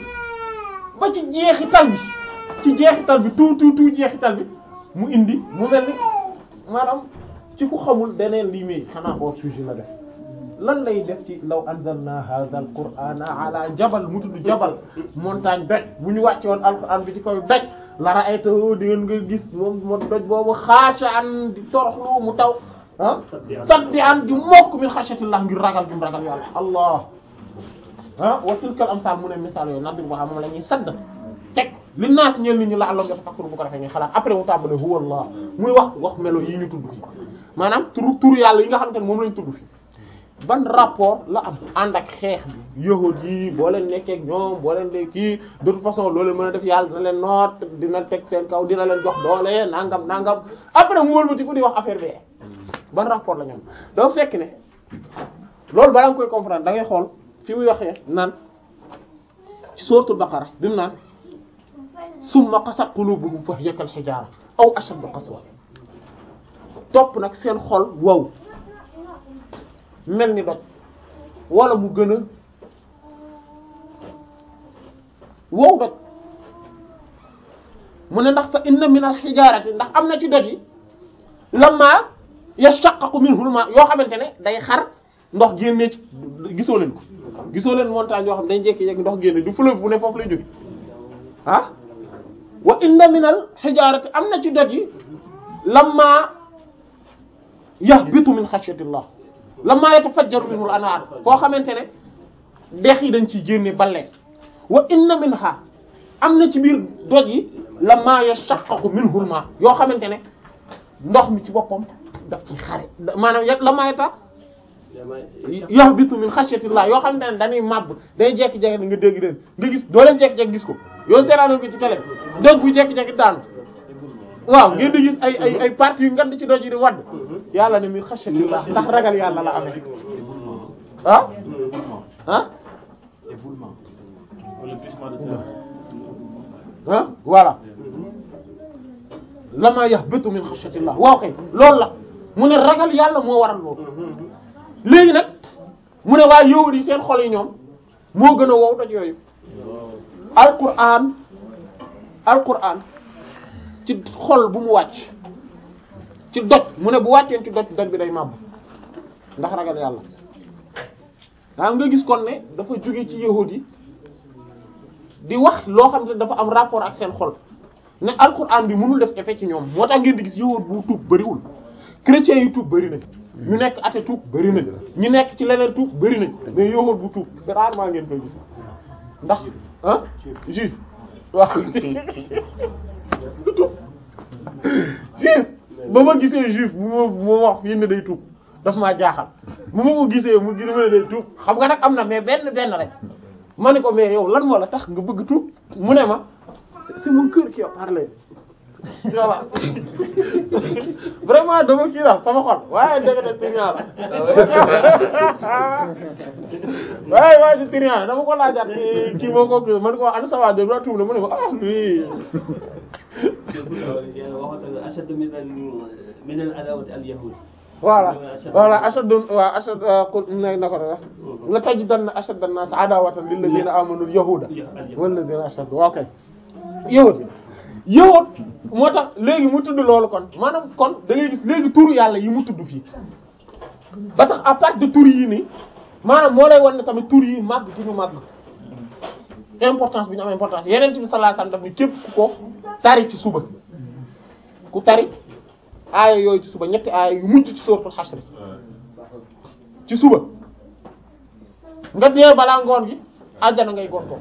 ba ci jeexital yi ci jeexital bi tout tout tout jeexital bi mu indi mu mel ni maanaam ci ku xamul deneen lii muy xanaa hors sujet la def lan lay def ci law anzalna hadha alqur'ana ala jabal mu tudd jabal montagne doj bu ñu wàcce woon alqur'an bi ci kaw doj la ra'aytahu di ngeen nga gis moom moo doj boobu di toroxlu mu taw ah saddi an di mokk min xashatillah ngir ragal gi mu ragal yàlla allah ah wa tilkal amsal mu ne misaal yooyu nadir boo xam moom la ñuy sadd teg li naa si ñeel nit ñi la àllam yatafakkaru bu ko defee ñu xalaat après mu tàmbale huwa Allah muy wax wax melo yi ñu tudd fii maanaam turu turu yàlla yi nga xamante ne moom lañ tudd fii ban rapport la am ànd ak xeex bi yahuud yi boo leen nekkeek ak ñoom boo leen dee kii de façon loolu mën a def yàlla dina leen noot dina teg seen kaw dina leen jox doole nangam nangam après mu wëlbati ko di wax affaire bi ban rapport la ñu doo fekk ne loolu balaa nga koy comprendre da ngay xool fi muy waxee naan ci bi mu naan summa qasat qulubuhum fa hiya kal hijaara aw ashaddu qaswa topp nag seen xol wow mel ni doj wala mu gën a wow doj mu ne ndax fa inna min al hijaarati ndax am na ci doj yi lamma yashaqqaqu minhu al maa yoo xamante ne day xar ndox génnee ci gisoo leen ko gisoo leen montagne yoo xam ne day jékki-jékki ndox génne du fleuve bu ne foofu lay jóge ah? wa inna minal xijaarati am na ci doj yi lamma yahbitu min xashyatillah lamma yatafajjaru minul anhaar foo xamante ne dex yi dañ ciy génne balle wa inna minha am na ci biir doj yi lamma yashaqqaqu minhul maa yoo xamante ne ndox mi ci boppam daf ci xare maanaam lamma yata yahbitu min xasyatillah yoo xam ne dañuy màbb day jekki-jekki nga dégg leen nga gis doo leen jekki-jekki gis ko yow seeraanal ko ci télé dégg bu jekki-jekki daanu waaw ngeen di gis ay ay ay parties yu ngand ci doj yi di wadd yàlla ne min xasyatillah ndax ragal yàlla la amee ah ah ah voilà lama yahbitu min xasyatillah waaw kay loolu la mu ne ragal yàlla moo waral loolu léegi nag mu ne waa yowat yi seen xol yi ñoom moo gën a wow doj yooyu alquran alquran ci xol bu mu wàcc ci doj mu ne bu wàcceen ci doj doj bi day màbb ndax ragal yàlla daa nga gis kon ne dafa jóge ci yahudi yi di wax loo xam ne dafa am rapport ak seen xol ne alquran bi mënul def effet ci ñoom moo tax ngeen di gis yahudi bu tuub bëriwul chrétiens yi tuub bëri nañ ñu nekk athée tuub bëri nañ ñu nekk ci leneen tuub bëri nañ mais yowoot bu tuub rarement ngeen koy gis ndax ah juif waaw juif ba ma gisee juif bu ma bu ma wax yéen day tuub daf maa jaaxal bu ma ko gisee mu gis ma ne day tuub xam nga nag am na mais benn benn rek ma ne ko mais yow lan moo la tax nga bëgg tuub mu ne ma c'est kër cœur qui a parlé voilà vraiment dama kii la sama xol waaye dégg na trian la waaye waaye si trian dama ko laajaat kii moo kii man ko wax ana sa waa na mu ne ma ah oui. voilà voilà ashaddu waaw ashaddu ne na ko def la tajidanna ashadda an-nas adawatan lil ladina amanu yahuda wal ladina ashaddu waaw kay yahudi yow moo tax léegi mu tudd loolu kon maanaam kon da ngay gis léegi turu yàlla yi mu tudd fii ba tax à part de turu yii nii maanaam moo lay wan ne tamit turu yi màgg ci ñu màgg importance bi ñu am importance yeneen bi sallallahu alayhi wasallam daf ni képp ku ko tari ci suba ku tari aaya yooyu ci suba ñetti aaya yu mujj ci suratul hasr ci suba nga dee balaa ngoon gi àjjana ngay gontoo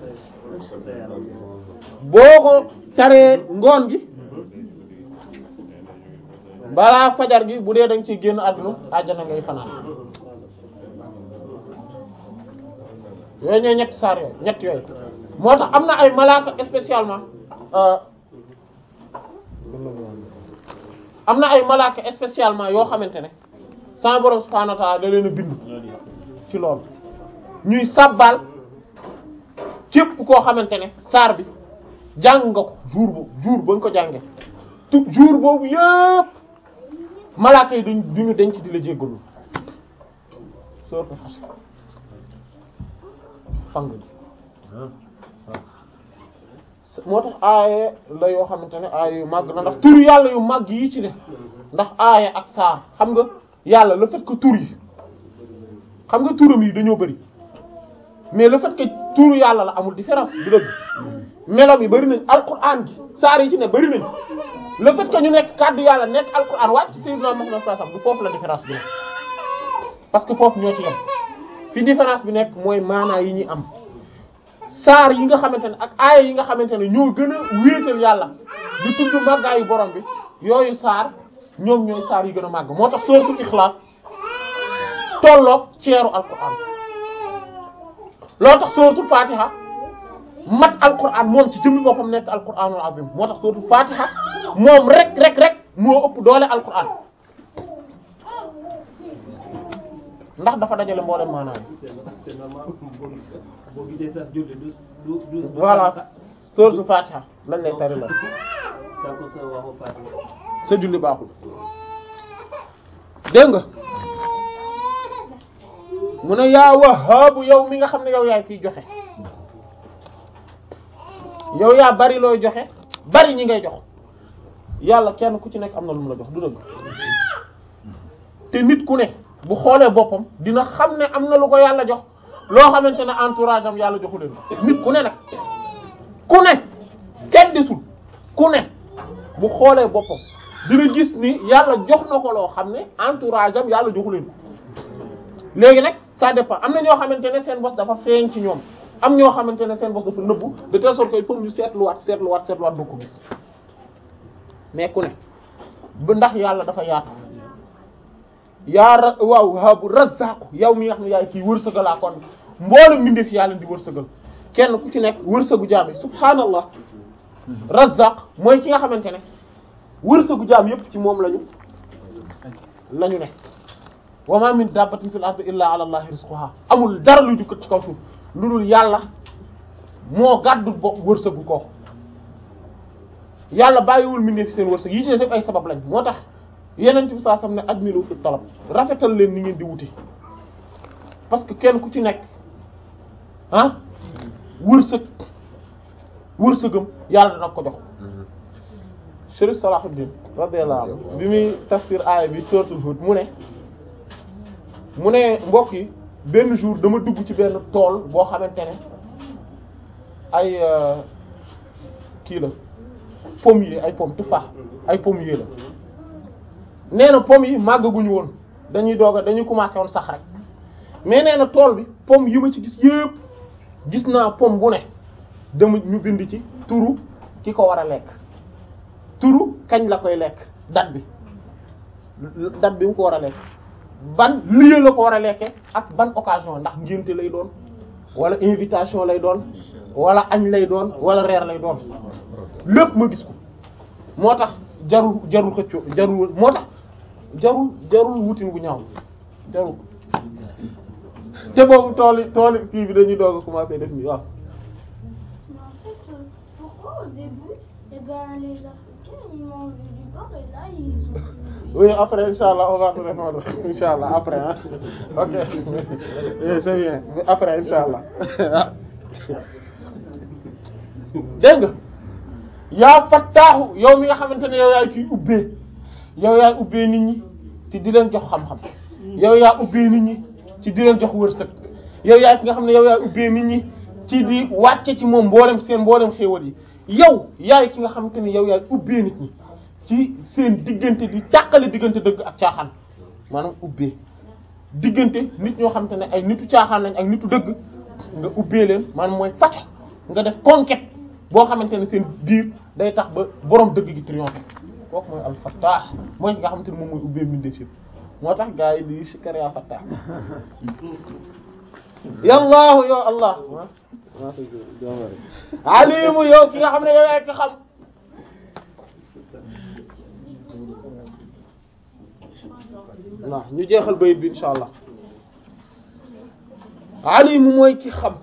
boo ko taree ngoon gi balaa fajar gi bu dee dañ ci génn àdduna àjjana ngay fanaan yooyu ñooy ñetti saar yooyu ñett yooyu moo tax am na ay malaaka spécialement euh, am na ay malaaka spécialement yoo xamante ne sama borom subhaanahu wa a ci loolu ñuy sàbbaal koo xamante ne saar bi jàng nga ko jour boobu jour ba nga ko jàngee tout boobu yëpp malaaka yi duñ duñu denc di la jéggalu soo ko fas moo tax aaye la yoo xamante ne aaye yu màgg na ndax tur yàlla yu màgg yi ci ne ndax aaye ak saar xam nga yàlla la fait ko tur xam nga turam yi dañoo bari mais le fait que tuuru yàlla la amul différence du dëgg melo yi bëri nañ alquran gi saar yi ci ne bëri nañ le fait ñu nekk kàddu yàlla nekk alquran wàcc ci sayyidina Muhammad sallallahu la différence bi nekk parce que foofu ñoo ci différence bi nekk mooy maanaa yi ñuy am saar yi nga xamante ne ak aaya yi nga xamante ne ñoo gën a wéetal yàlla di tudd màggaayu borom bi yooyu saar ñoom ñooy saar yi gën a màgg moo tax sooratul Ixlaas tolloog ceeru alquran loo tax sóoratul Fatiha mat alquran moom moo jëmmi boppam nekk alquranul azim moo tax sóoratul Fatiha moom rek rek rek moo ëpp doole alquran ndax dafa dajale mboolem maanaam. voilà sóoratul Fatiha lañ lay tari la sa julli baaxul dégg mu ne yaa wahaabu yow mi nga xam ne yow yaay kiy joxe yow yaa bari looy joxe bari ñi ngay jox yàlla kenn ku ci nekk am na lu mu la jox du dëgg te nit ku ne bu xoolee boppam dina xam ne am na lu ko yàlla jox loo xamante ne entourage am yàlla joxu leen nit ku ne nag ku ne kenn ku ne bu xoolee boppam dina gis ni yàlla jox na ko loo xam ne entourage am yàlla joxu leen léegi nag ça dépend am na ñoo xamante ne seen bos dafa feeñ ci ñoom am ñoo xamante ne seen bos dafa nëbbu de telle sorte que seet faut ñu seetluwaat seetluwaat seetluwaat doo ko gis mais ku ne bu ndax yàlla dafa yaatu yaa ra waaw wahabu razzaqu yow mi nga xam ne yaay kii wërsëgalaa kon mboolem mbindeef yàlla di wërsëgal kenn ku ci nekk wërsëgu jaam yi subhaanallah razzaq mooy ki nga xamante ne wërsëgu jaam yépp ci moom lañu lañu ne wa ma min dabbatin fil illa ala allahi rizquha amul dara lu jukkat ci kaw suuf lu dul yàlla moo gàddu bopp wërsëgu kooku yàlla bàyyiwul mbindeef seen wërsëg yi ci def ay sabab lañ moo tax yeneen bi saa sam ne ajmilu fi talab rafetal leen ni ngeen di wuti parce que kenn ku ci nekk ah wërsëg wërsëgam yàlla dana ko jox mm-hmm. Chérif Salahuddin radiyallahu anhu bi muy tafsir aaya bi suratul Hud mu ne mu ne mbokk yi benn jour dama dugg ci benn tool boo xamante ne ay euh, kii la pom yi ay pomme tufa ay pomme yi la nee na pomme yi màggaguñu woon dañuy doog a dañuy commencé woon sax rek mais nee na tool bi pomme yi ma ci gis yépp gis naa pomme bu ne dama ñu bind ci turu ki ko war a lekk turu kañ la koy lekk date bi date bi mu ko war a lekk. ban lieu la ko war a lekke ak ban occasion ndax ngénte lay doon wala invitation lay doon wala añ lay doon wala reer lay doon lépp ma gis ko moo tax jarul jarul xëccoo jarul moo tax jarul jarul wutin bu ñaaw jarul te boobu tool yi tool yi kii bi dañuy doog a commencer def nii waaw. Euh, oui après incha allah on va te répondre incha allah après après incha allah dégg yaa fattaaxu yow mi nga xamante ne yow yaay kiy ubbee yow yaay ubbee nit ñi ci di leen jox xam-xam yow yaa ubbee ni ñi ci di leen jox wërsëg yow yaay ki nga xam ne yow yaay ubbee nit ñi ci di wàcce ci moom mboolem seen mboolem xéewal yi yow yaay ki nga xamante ne yow yaay ubbee nit ñi. ci seen diggante di càqale diggante dëgg ak caaxaan maanaam ubbee diggante nit ñoo xam ne ay nitu caaxaan lañ ak nitu dëgg nga ubbee leen maanaam mooy fate nga def conquête boo xamante ne seen biir day tax ba boroom dëgg gi triomphe kooku mooy al-Fattah mooy nga xamante ne moom mooy ubbee mbindeef yëpp moo tax gaa yi si sikkar yaa Fattah yallaahu yow allah alimu yow ki nga yaay ki xam waaw ñu jeexal bayit bi insha allah alimu mooy ci xam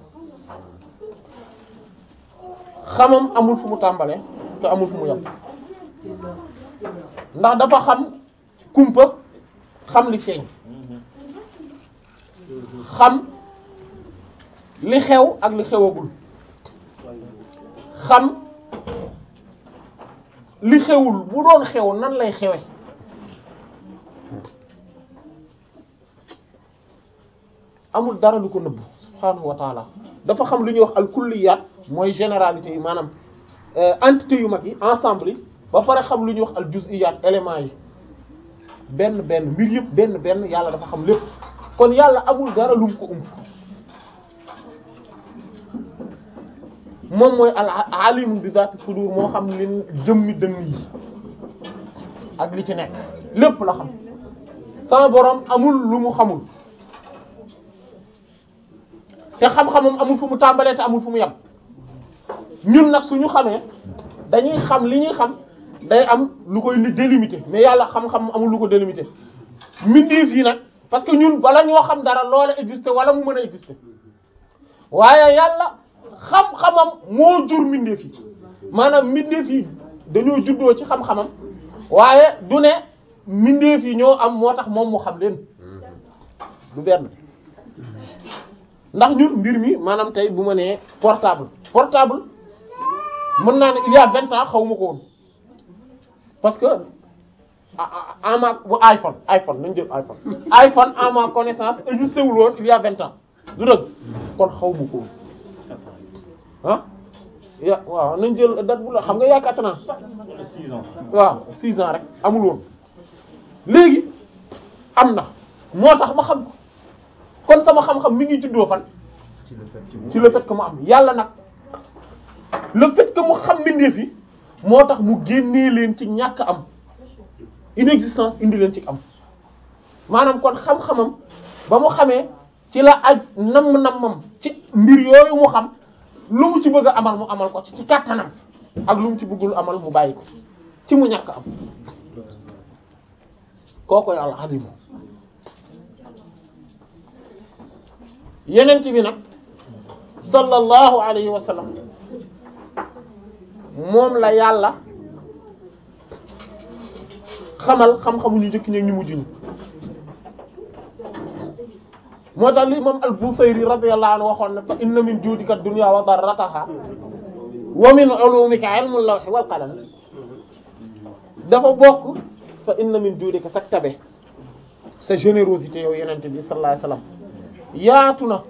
xamam amul fu mu tàmbalee te amul fu mu yem ndax dafa xam kumpa xam li feeñ xam li xew ak li xewagul xam li xewul bu doon xew nan lay xewe amul dara lu ko nëbb subhaanahu wa dafa xam lu ñuy wax al kulliyaat mooy généralité yi maanaam euh, entité yu mag yi ensemble yi ba pare xam lu ñuy wax al juz'iyaat élément yi benn benn mbir yëpp benn benn yàlla dafa xam lépp kon yàlla amul dara lu mu ko umb moom mooy al alim bi zaati sudur moo xam li jëmmi dënn yi ak li ci nekk lépp la xam sama borom amul lu mu xamul te xam-xamam amul fu mu tàmbalee te amul fu mu yem ñun nag suñu xamee dañuy xam li ñuy xam day am lu koy délimité mais yàlla xam-xam amul lu ko délimité mbindeef yi nag parce que ñun bala ñoo xam dara loola existé wala mu mën a existé waaye yàlla xam-xamam moo jur mbindeef yi maanaam mbindeef yi dañoo juddoo ci xam-xamam waaye du ne mbindeef yi ñoo am moo tax moom mu xam leen hmm. ndax ñun mbir mi maanaam tey bu ma portable portable mën naa ne il y a vingt ans xaw ma ko parce que ama ah, ah, ah, bu iPhone iPhone nañ jël iPhone iPhone à ma connaissance existé wul il y a vingt ans du dëgg kon xaw ma ko woon ah waaw nañ jël date bu xam nga yaa quatre waaw six ans rek amul woon léegi am na moo tax ma xam kon sama xam-xam mi ngi juddoo fan ci le fait mu am yàlla nag le fait que mu xam mbindeef yi moo tax mu génnee leen ci ñàkk am inexistence indi ci am maanaam kon xam-xamam ba mu xamee ci la aj namm-nammam ci mbir yooyu mu xam lu mu ci bëgg amal mu amal ko ci ci kàttanam ak lu mu ci bëggul amal mu bàyyi ko ci mu ñàkk am kooku yàlla xadimu yenent bi nag sallallahu alayhi wa sallam moom la yàlla xamal xam-xamu ñu njëkk ñeeg ñu mujj ñi moo tax li imam al-Busayri radiyallahu anhu waxoon ne fa inna min juudika dunya wa darrataha wa min ulumika ilmu al-lawhi wal qalam dafa bokk fa inna min juudika sa tabe sa générosité yow yenent bi sallallahu alayhi wa sallam yaatu na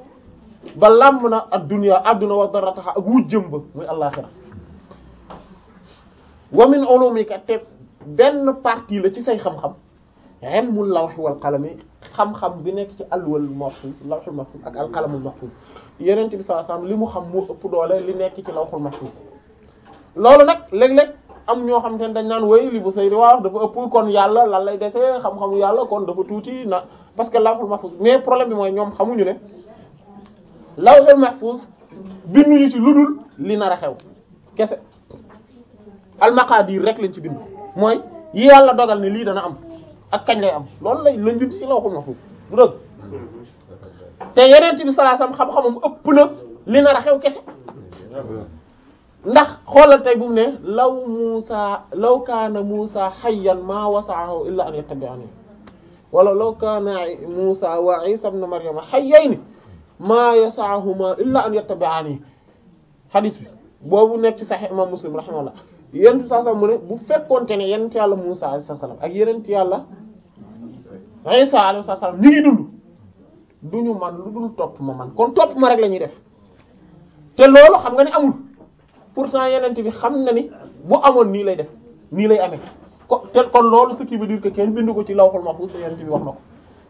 ba làmb na ak dunya àdduna wa darataha ak wujjëm ba muy àllaaxira wa min ulumika te benn partie la ci say xam-xam ilmul lawhi wal qalami xam-xam bi nekk ci alwal mahfuz lawhul mahfuz ak alqalamul mahfuz yeneen bi sallallahu alayhi li mu xam moo ëpp doole li nekk ci lawhul mahfuz loolu nag léeg-léeg am ñoo xam te ne dañ naan wéy li bu say di wax dafa ëpp kon yàlla lan desee xam-xamu yàlla kon dafa tuuti na parce que lawhul mahfuz mais problème bi mooy ñoom xamuñu ne lawhul mahfuz binduñu ci lu dul li nar a xew kese al maqadir rek lañ ci bind mooy yi yàlla dogal ne lii dana am ak kañ lay am loolu lañ lañ bind ci lawhul mahfuz bu dëgg te yeneen bi sallallahu alayhi wasallam xam-xamam ëpp na li nar a xew kese ndax xoolal tey bu ne law Musa law kaana Musa hayyan ma wasa'ahu illa an yattabi'ani wala law kaana Muusaa wa Iisaa ibn Maryama hayyayni maa yas'ahumaa illaa an yattabi'aanii hadis bi boobu nekk ci Sahih Imaam Muslim rahimahullah yenn saa saa mu ne bu fekkoonte ne yenn ci yàlla Muusaa alayhi salaam ak yeneen ci yàlla Iisaa alayhi salaam ñu ngi dund du ñu topp ma man kon topp ma rek la ñuy def te loolu xam nga ne amul pourtant yeneen bi xam na ni bu amoon nii lay def nii lay amee. ko te kon loolu ce qui veut dire que kenn bindu ko ci lawhul mahfuz te yonent bi wax na ko.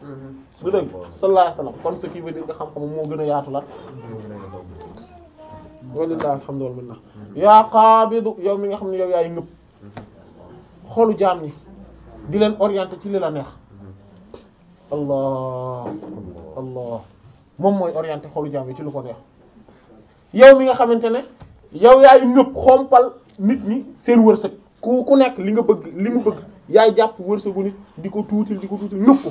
du mm-hmm. dëgg sallallahu alayhi wasallam kon ce qui veut dire que xam-xam moo gën a yaatu lan. Mm-hmm. yaa qaabidu yow mi nga xam ne yow yaay ngëb mm-hmm. xoolu jaam ñi di leen orienté ci li la neex allah allah moom mooy orienté xoolu jaam yi ci lu ko neex yow mi nga xamante ne yow yaay ngëb xompal nit ñi seen wërsëg ku ku nekk li nga bëgg li mu bëgg yaay jàpp wërsëgu nit di ko tuutil di ko tuutil ñëpp ko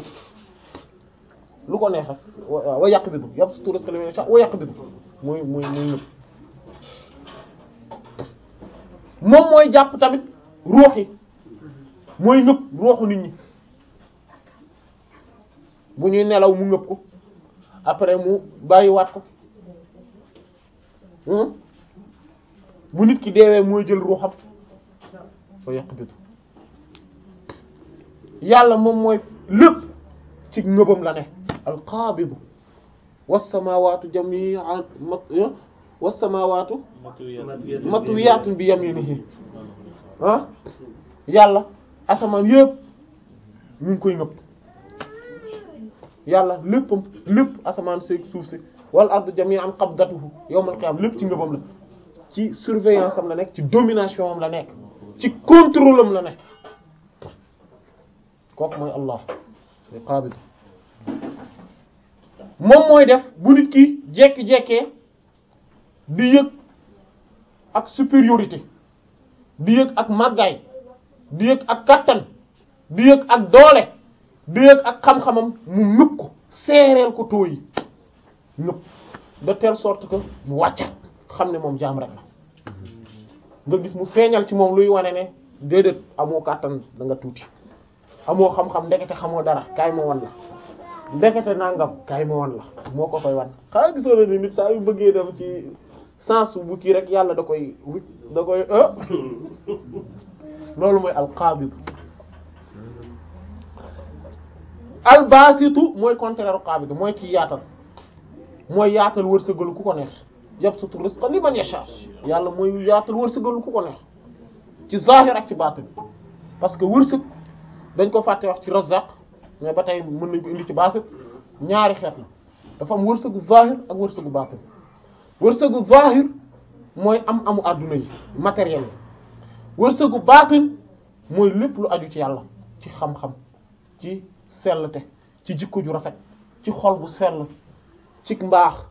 lu ko neexal wa yàq bi du yàpp su tuuras ka lim yàq bi du mooy moom mooy jàpp tamit ruux mooy ngëpp ruuxu nit ñi bu ñuy nelaw mu ngëpp ko après mu bàyyiwaat ko hmm? bu nit ki deewee mooy jël ruuxam fa yaqbitu yàlla moom mooy lépp ci ngëbam la ne alqaabidu wasamaawaatu jami'an wasamaawaatu matwiyaatun bi yaminihi ah yàlla asamaan yëpp ñu koy ngëb yàlla léppam lépp asamaan seeg suuf si wal ardu jami'an qabdatuhu yawmal qiyaam lépp ci ngëbam la ci surveillance am la nekk ci domination am la nekk ci contrôle am la ne kooku mooy Allah le moom mooy def bu nit ki jekki-jekkee di yëg ak supériorité di yëg ak màggaay di yëg ak kattan di yëg ak doole di yëg ak xam-xamam mu ñëpp ko seereel ko tooy yi ñëpp de telle sorte que mu wàccat xam ne moom jaam rek la nga gis mu feeñal ci moom luy wane ne déedéet amoo kàttan da nga tuuti amoo xam-xam ndekete xamoo dara kaay ma wan la ndekete nangam kaay ma wan la moo ko koy wan xaa gisoo la ni nit saa yu bëggee dem ci sens bu kii rek yàlla da koy wut da koy ah. loolu mooy alqabid albasitu mooy contraire qabid mooy ci yaatal mooy yaatal wërsëgalu ku ko neex yabsutu rizqa liman yasha yàlla mooy yaatal wërsëgalu ku ko neex ci zahir ak ci baatin parce que wërsëg dañ koo fàtte wax ci razaq mais ba tey mën nañ ko indi ci baasit ñaari xeet la dafa am wërsëgu zahir ak wërsëgu baatin wërsëgu zahir mooy am amu àdduna yi matériel yi wërsëgu baatin mooy lépp lu aju ci yàlla ci xam-xam ci sellte ci jikko ju rafet ci xol bu sell ci mbaax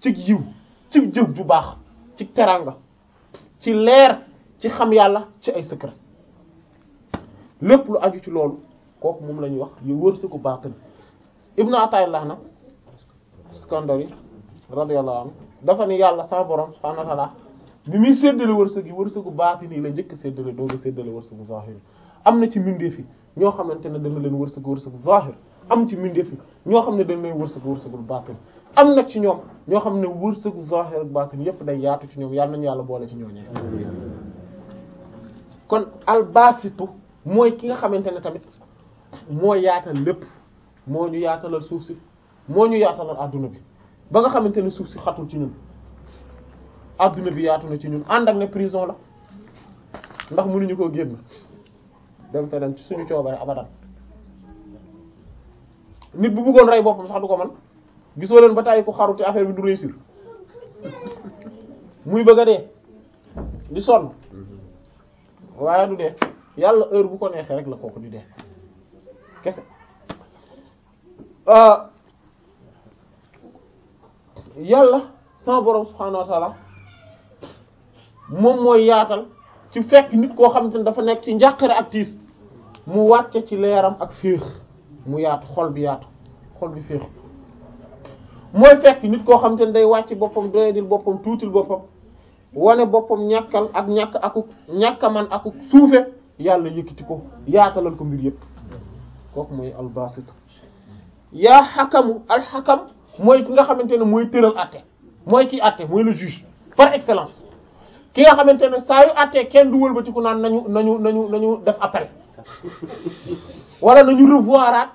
ci yiw ci jëf ju baax ci teranga ci leer ci xam yàlla ci ay secret lépp lu aju ci loolu kooku moom la ñuy wax yu wërsëgu baatin ibnu Atayillah nag Iskandari radiyallahu anhu dafa ni yàlla sa borom subhanahu wa ta'ala bi muy séddale wërsëg yi wërsëgu baatin yi la njëkk séddale dooga séddale wërsëgu zahir am na ci mbindeef yi ñoo xamante ne dana leen wërsëgu wërsëgu zahir am ci mbindeef yi ñoo xam ne dana leen wërsëgu wërsëgul baatin am na ci ñoom ñoo xam ne wërsëgu zahir ak baatin yépp day yaatu ci ñoom yàlla nañu yàlla boole ci ñooñee kon albasitu mooy ki nga xamante ne tamit moo yaatal lépp moo ñu yaatalal suuf si moo ñu yaatalal àdduna bi ba nga xamante ne suuf si xatul ci ñun adduna bi yaatu na ci ñun ànd ak ne prison la ndax mënuñu koo génn dem feneen ci suñu coobare abadan nit bu bëggoon rey boppam sax du ko man gisoo leen ba tàyyi ko xaru te affaire bi du réussir muy bëgg a di sol waaye du dee yàlla heure bu ko neexee rek la kooku di dee kese ah. yàlla sama borom subhaanahu wa moom mooy yaatal ci fekk nit koo xamante ne dafa nekk ci njàqare ak tiis mu wàcce ci leeram ak féex mu yaat xol bi yaatu xol bi féex mooy fekk nit koo xam te ne day wàcc boppam doyadil boppam tuutil boppam wane boppam ñàkkal ak ñàkk akuk ñàkk man akuk suufe yàlla yëkkati ko yaatalal ko mbir yëpp kooku mooy albasit yaa xakamu alxakam mooy ki nga xamante ne mooy tëral àtte mooy ci àtte mooy le juge par excellence ki nga xamante ne saa yu kenn du wëlbatiku naan nañu nañu nañu nañu def appel wala nañu revoiraat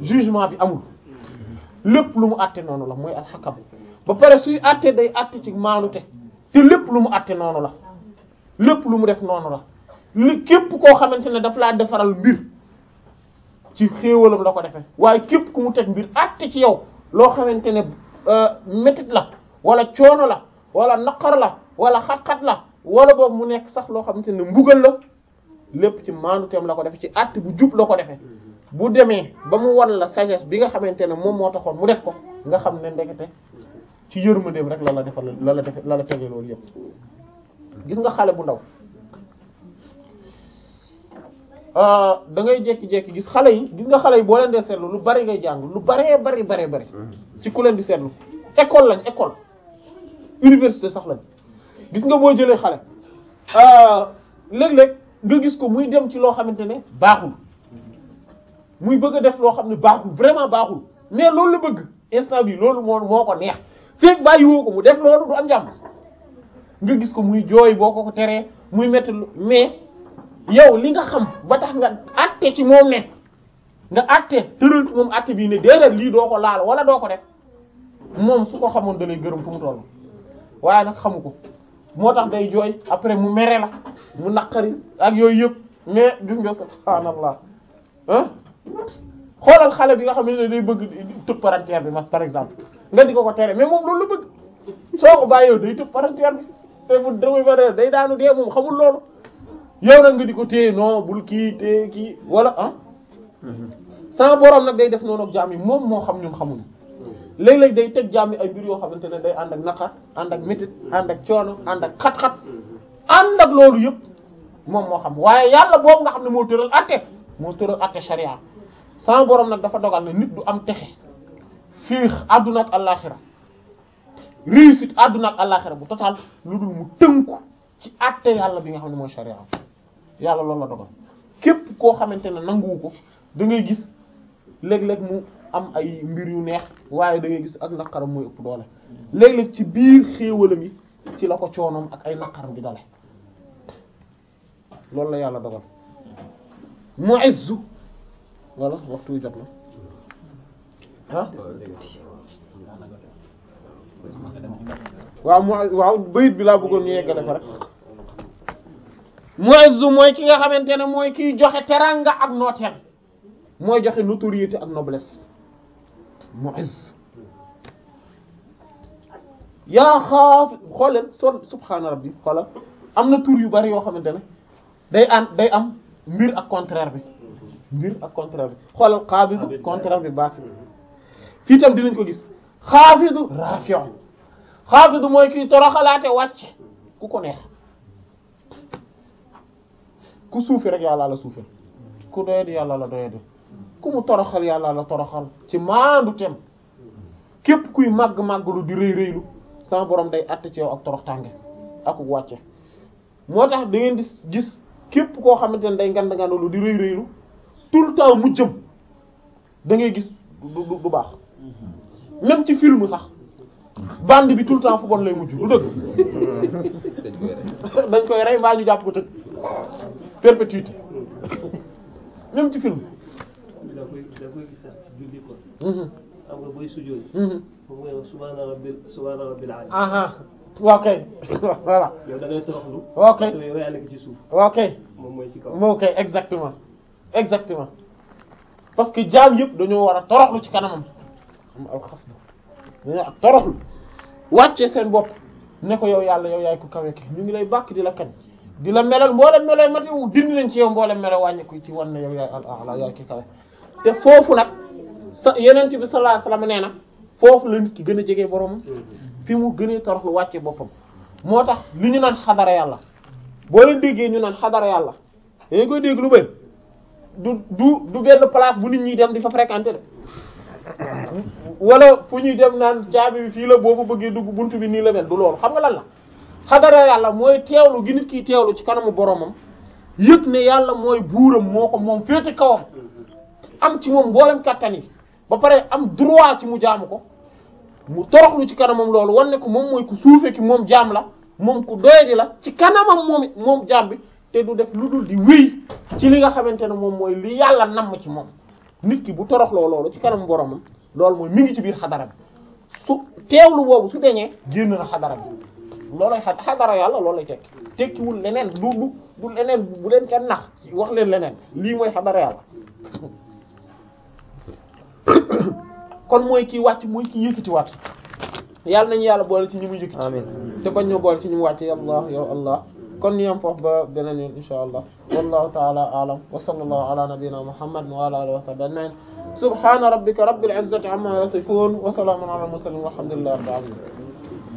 jugement bi amul lépp lu mu àtte noonu la mooy alxakam ba pare suy àtte day àtte ci maanute te lépp lu mu àtte noonu la lépp lu mu def noonu la li képp koo xamante ne daf laa defaral mbir ci xéewalam la ko defee waaye képp ku mu teg mbir àtte ci yow loo xamante ne euh, métit la wala coono la wala naqar la wala xat-xat la wala boobu mu nekk sax loo xamante ne mbugal la lépp ci maanduteem la ko defee ci àtte bu jub la ko defee bu demee ba mu wan la sagesse bi nga xamante ne moom moo taxoon mu def ko nga xam ne ndekete ci yërmandeem rek la la defal la la defal la la tegee loolu yëpp gis nga xale bu ndaw ah, da ngay jékki-jékki gis xale yi gis nga xale yi boo leen dee seetlu lu bari ngay jàng lu baree bari baree bari mm-hmm. ci ku leen di seetlu école lañ école université sax lañ gis nga boo jëlee xale ah, léeg-léeg nga gis ko muy dem ci loo xamante ne baaxul muy bëgg a def loo xam ne baaxul vraiment baaxul mais loolu la bëgg instant bi loolu moo moo ko neex fekk bàyyi woo ko mu def loolu du am jàmm nga gis ko muy jooy boo ko ko teree muy métti mais yow li nga xam ba tax nga àtte ci moom ne nga àtte tëral moom àtte bii ne déedéet lii doo ko laal wala doo ko def moom su ko xamoon da gërëm fu mu toll waaye nag xamu ko moo tax day jooy après mu mere la mu naqari ak yooyu yëpp mais gis nga subhaanallah ah xoolal xale bi nga xam ne day bëgg tëb parentière bi mas par exemple nga di ko ko tere mais moom loolu la bëgg soo ko bàyyi yow day tëb parentière bi te bu dama ba day daanu dee moom xamul loolu yow nag nga di ko téye non bul kii téye kii wala ah sama borom nag day def noonu ak jaam moo xam ñun xamuñu léeg-léeg day teg jaam ay mbir yoo xamante ne day ànd ak naqar ànd ak métit ànd ak coono ànd ak xat-xat ànd ak loolu yëpp moom moo xam waaye yàlla boobu nga xam ne moo tëral àtte moo tëral àtte sama borom nag dafa dogal ne nit du am texe fii àdduna ak àllaaxira réussite àdduna ak àllaaxira bu total lu dul mu tënku ci àtte yàlla bi nga xam ne mooy sharia yàlla loolu la dogal képp koo xamante ne nanguwu ko dangay gis léeg-léeg mu am ay mbir yu neex waaye dangay gis ak naqaram mooy ëpp doole léeg-léeg ci biir xéewalam yi ci la ko coonoom ak ay naqaram di dale loolu la yàlla dogal mu izzu walla waxtu wi jot na waaw mu waaw bayit bi laa bëggoon ñu yeggale fa rek mu'izzu mooy ki nga xamante ne mooy kiy joxe teraanga ak nooteel mooy joxe notoriété ak noblesse mu'izz yaa xaaf xooleel so subhaana rabbi xoolal am na tur yu bari yoo xamante ne day am day am mbir ak contraire bi mbir ak contraire bi xoolal xaabidu contraire bi basit fii tam dinañ ko gis xaafidu rafi'u xaafidu mooy kii toroxalaate wàcc ku ko neex ku suufi rek yàlla la suufel ku doyadi yàlla la doyadi ku mu toroxal yàlla la toroxal ci maandu tem képp kuy màgg-màgglu di rëy rëylu sama borom day àtte ci yow ak torox tànge ak wàcce moo tax da ngeen gis képp koo xamante ne day ngand ngand lu di rëy rëylu tout le temps mu jëm da ngay gis du du baax même ci film sax bande bi tout le temps fu bon lay mujj lu dañ koy rey mbaa ñu jàpp ko tëj perpétuité même ci film da koy da koy gis ko xam ok da ngay toroxlu ok ci suuf ok moom mooy ci exactement exactement parce que jaam yëpp dañoo war a toroxlu ci kanamam am al wàccee seen bopp ne ko yow yàlla yow yaay ko kawe ki ñu ngi lay bàkk di la kañ di la melal mboolem melooy mati dindi nañ ci yow mboolem melooy wàññiku ci wan na yow yaay al a'la yaay ki kawe te foofu nag sa yeneen ci bi sallallahu alayhi nee na foofu la nit ki gën a jege boromam fi mu gën a toroxlu wàccee boppam moo tax li ñu naan xadara yàlla boo déggee ñu naan xadara yàlla dañ koy dégg lu bëri du du du benn place bu nit ñi dem di fa fréquenter de wala fu ñuy dem naan caabi fii la boo fa bëggee dugg bunt bi nii la mel du loolu xam nga lan la xadara yàlla mooy teewlu gi nit kiy teewlu ci kanamu boromam yëg ne yàlla mooy buuram moo ko moom féete kawam am ci moom mboolem kattan yi ba pare am droit ci mu jaamu ko mu toroxlu ci kanamam loolu wan ne ko moom mooy ku suufee ki moom jaam la moom ku doye di la ci kanamam moom moom jaam bi te du def lu dul di wéy ci li nga xamante ne moom mooy li yàlla namm ci moom nit ki bu toroxloo loolu ci kanam boromam loolu mooy mi ci biir xadara bi su teewlu boobu su deñee génn na xadara bi loolay xa xadara yàlla loolay tekki tekkiwul leneen du du du leneen bu leen kenn nax wax leen leneen lii mooy xadara yàlla kon mooy kii wàcc mooy kii yëkkatiwaat yàlla nañu yàlla boole ci ñu mu yëkkati amiin te bañ ñoo boole ci ñu mu wàcc ya allah kon ñu yam foofu ba beneen yoon insha allah wallahu taala aalam wa sallallahu ala nabiyyina muhammadin wa ala alihi wa sahbihi ajma'in subhana rabbika rabbil izzati amma yasifun wa salamun ala al mursalin walhamdulillahi rabbil alamin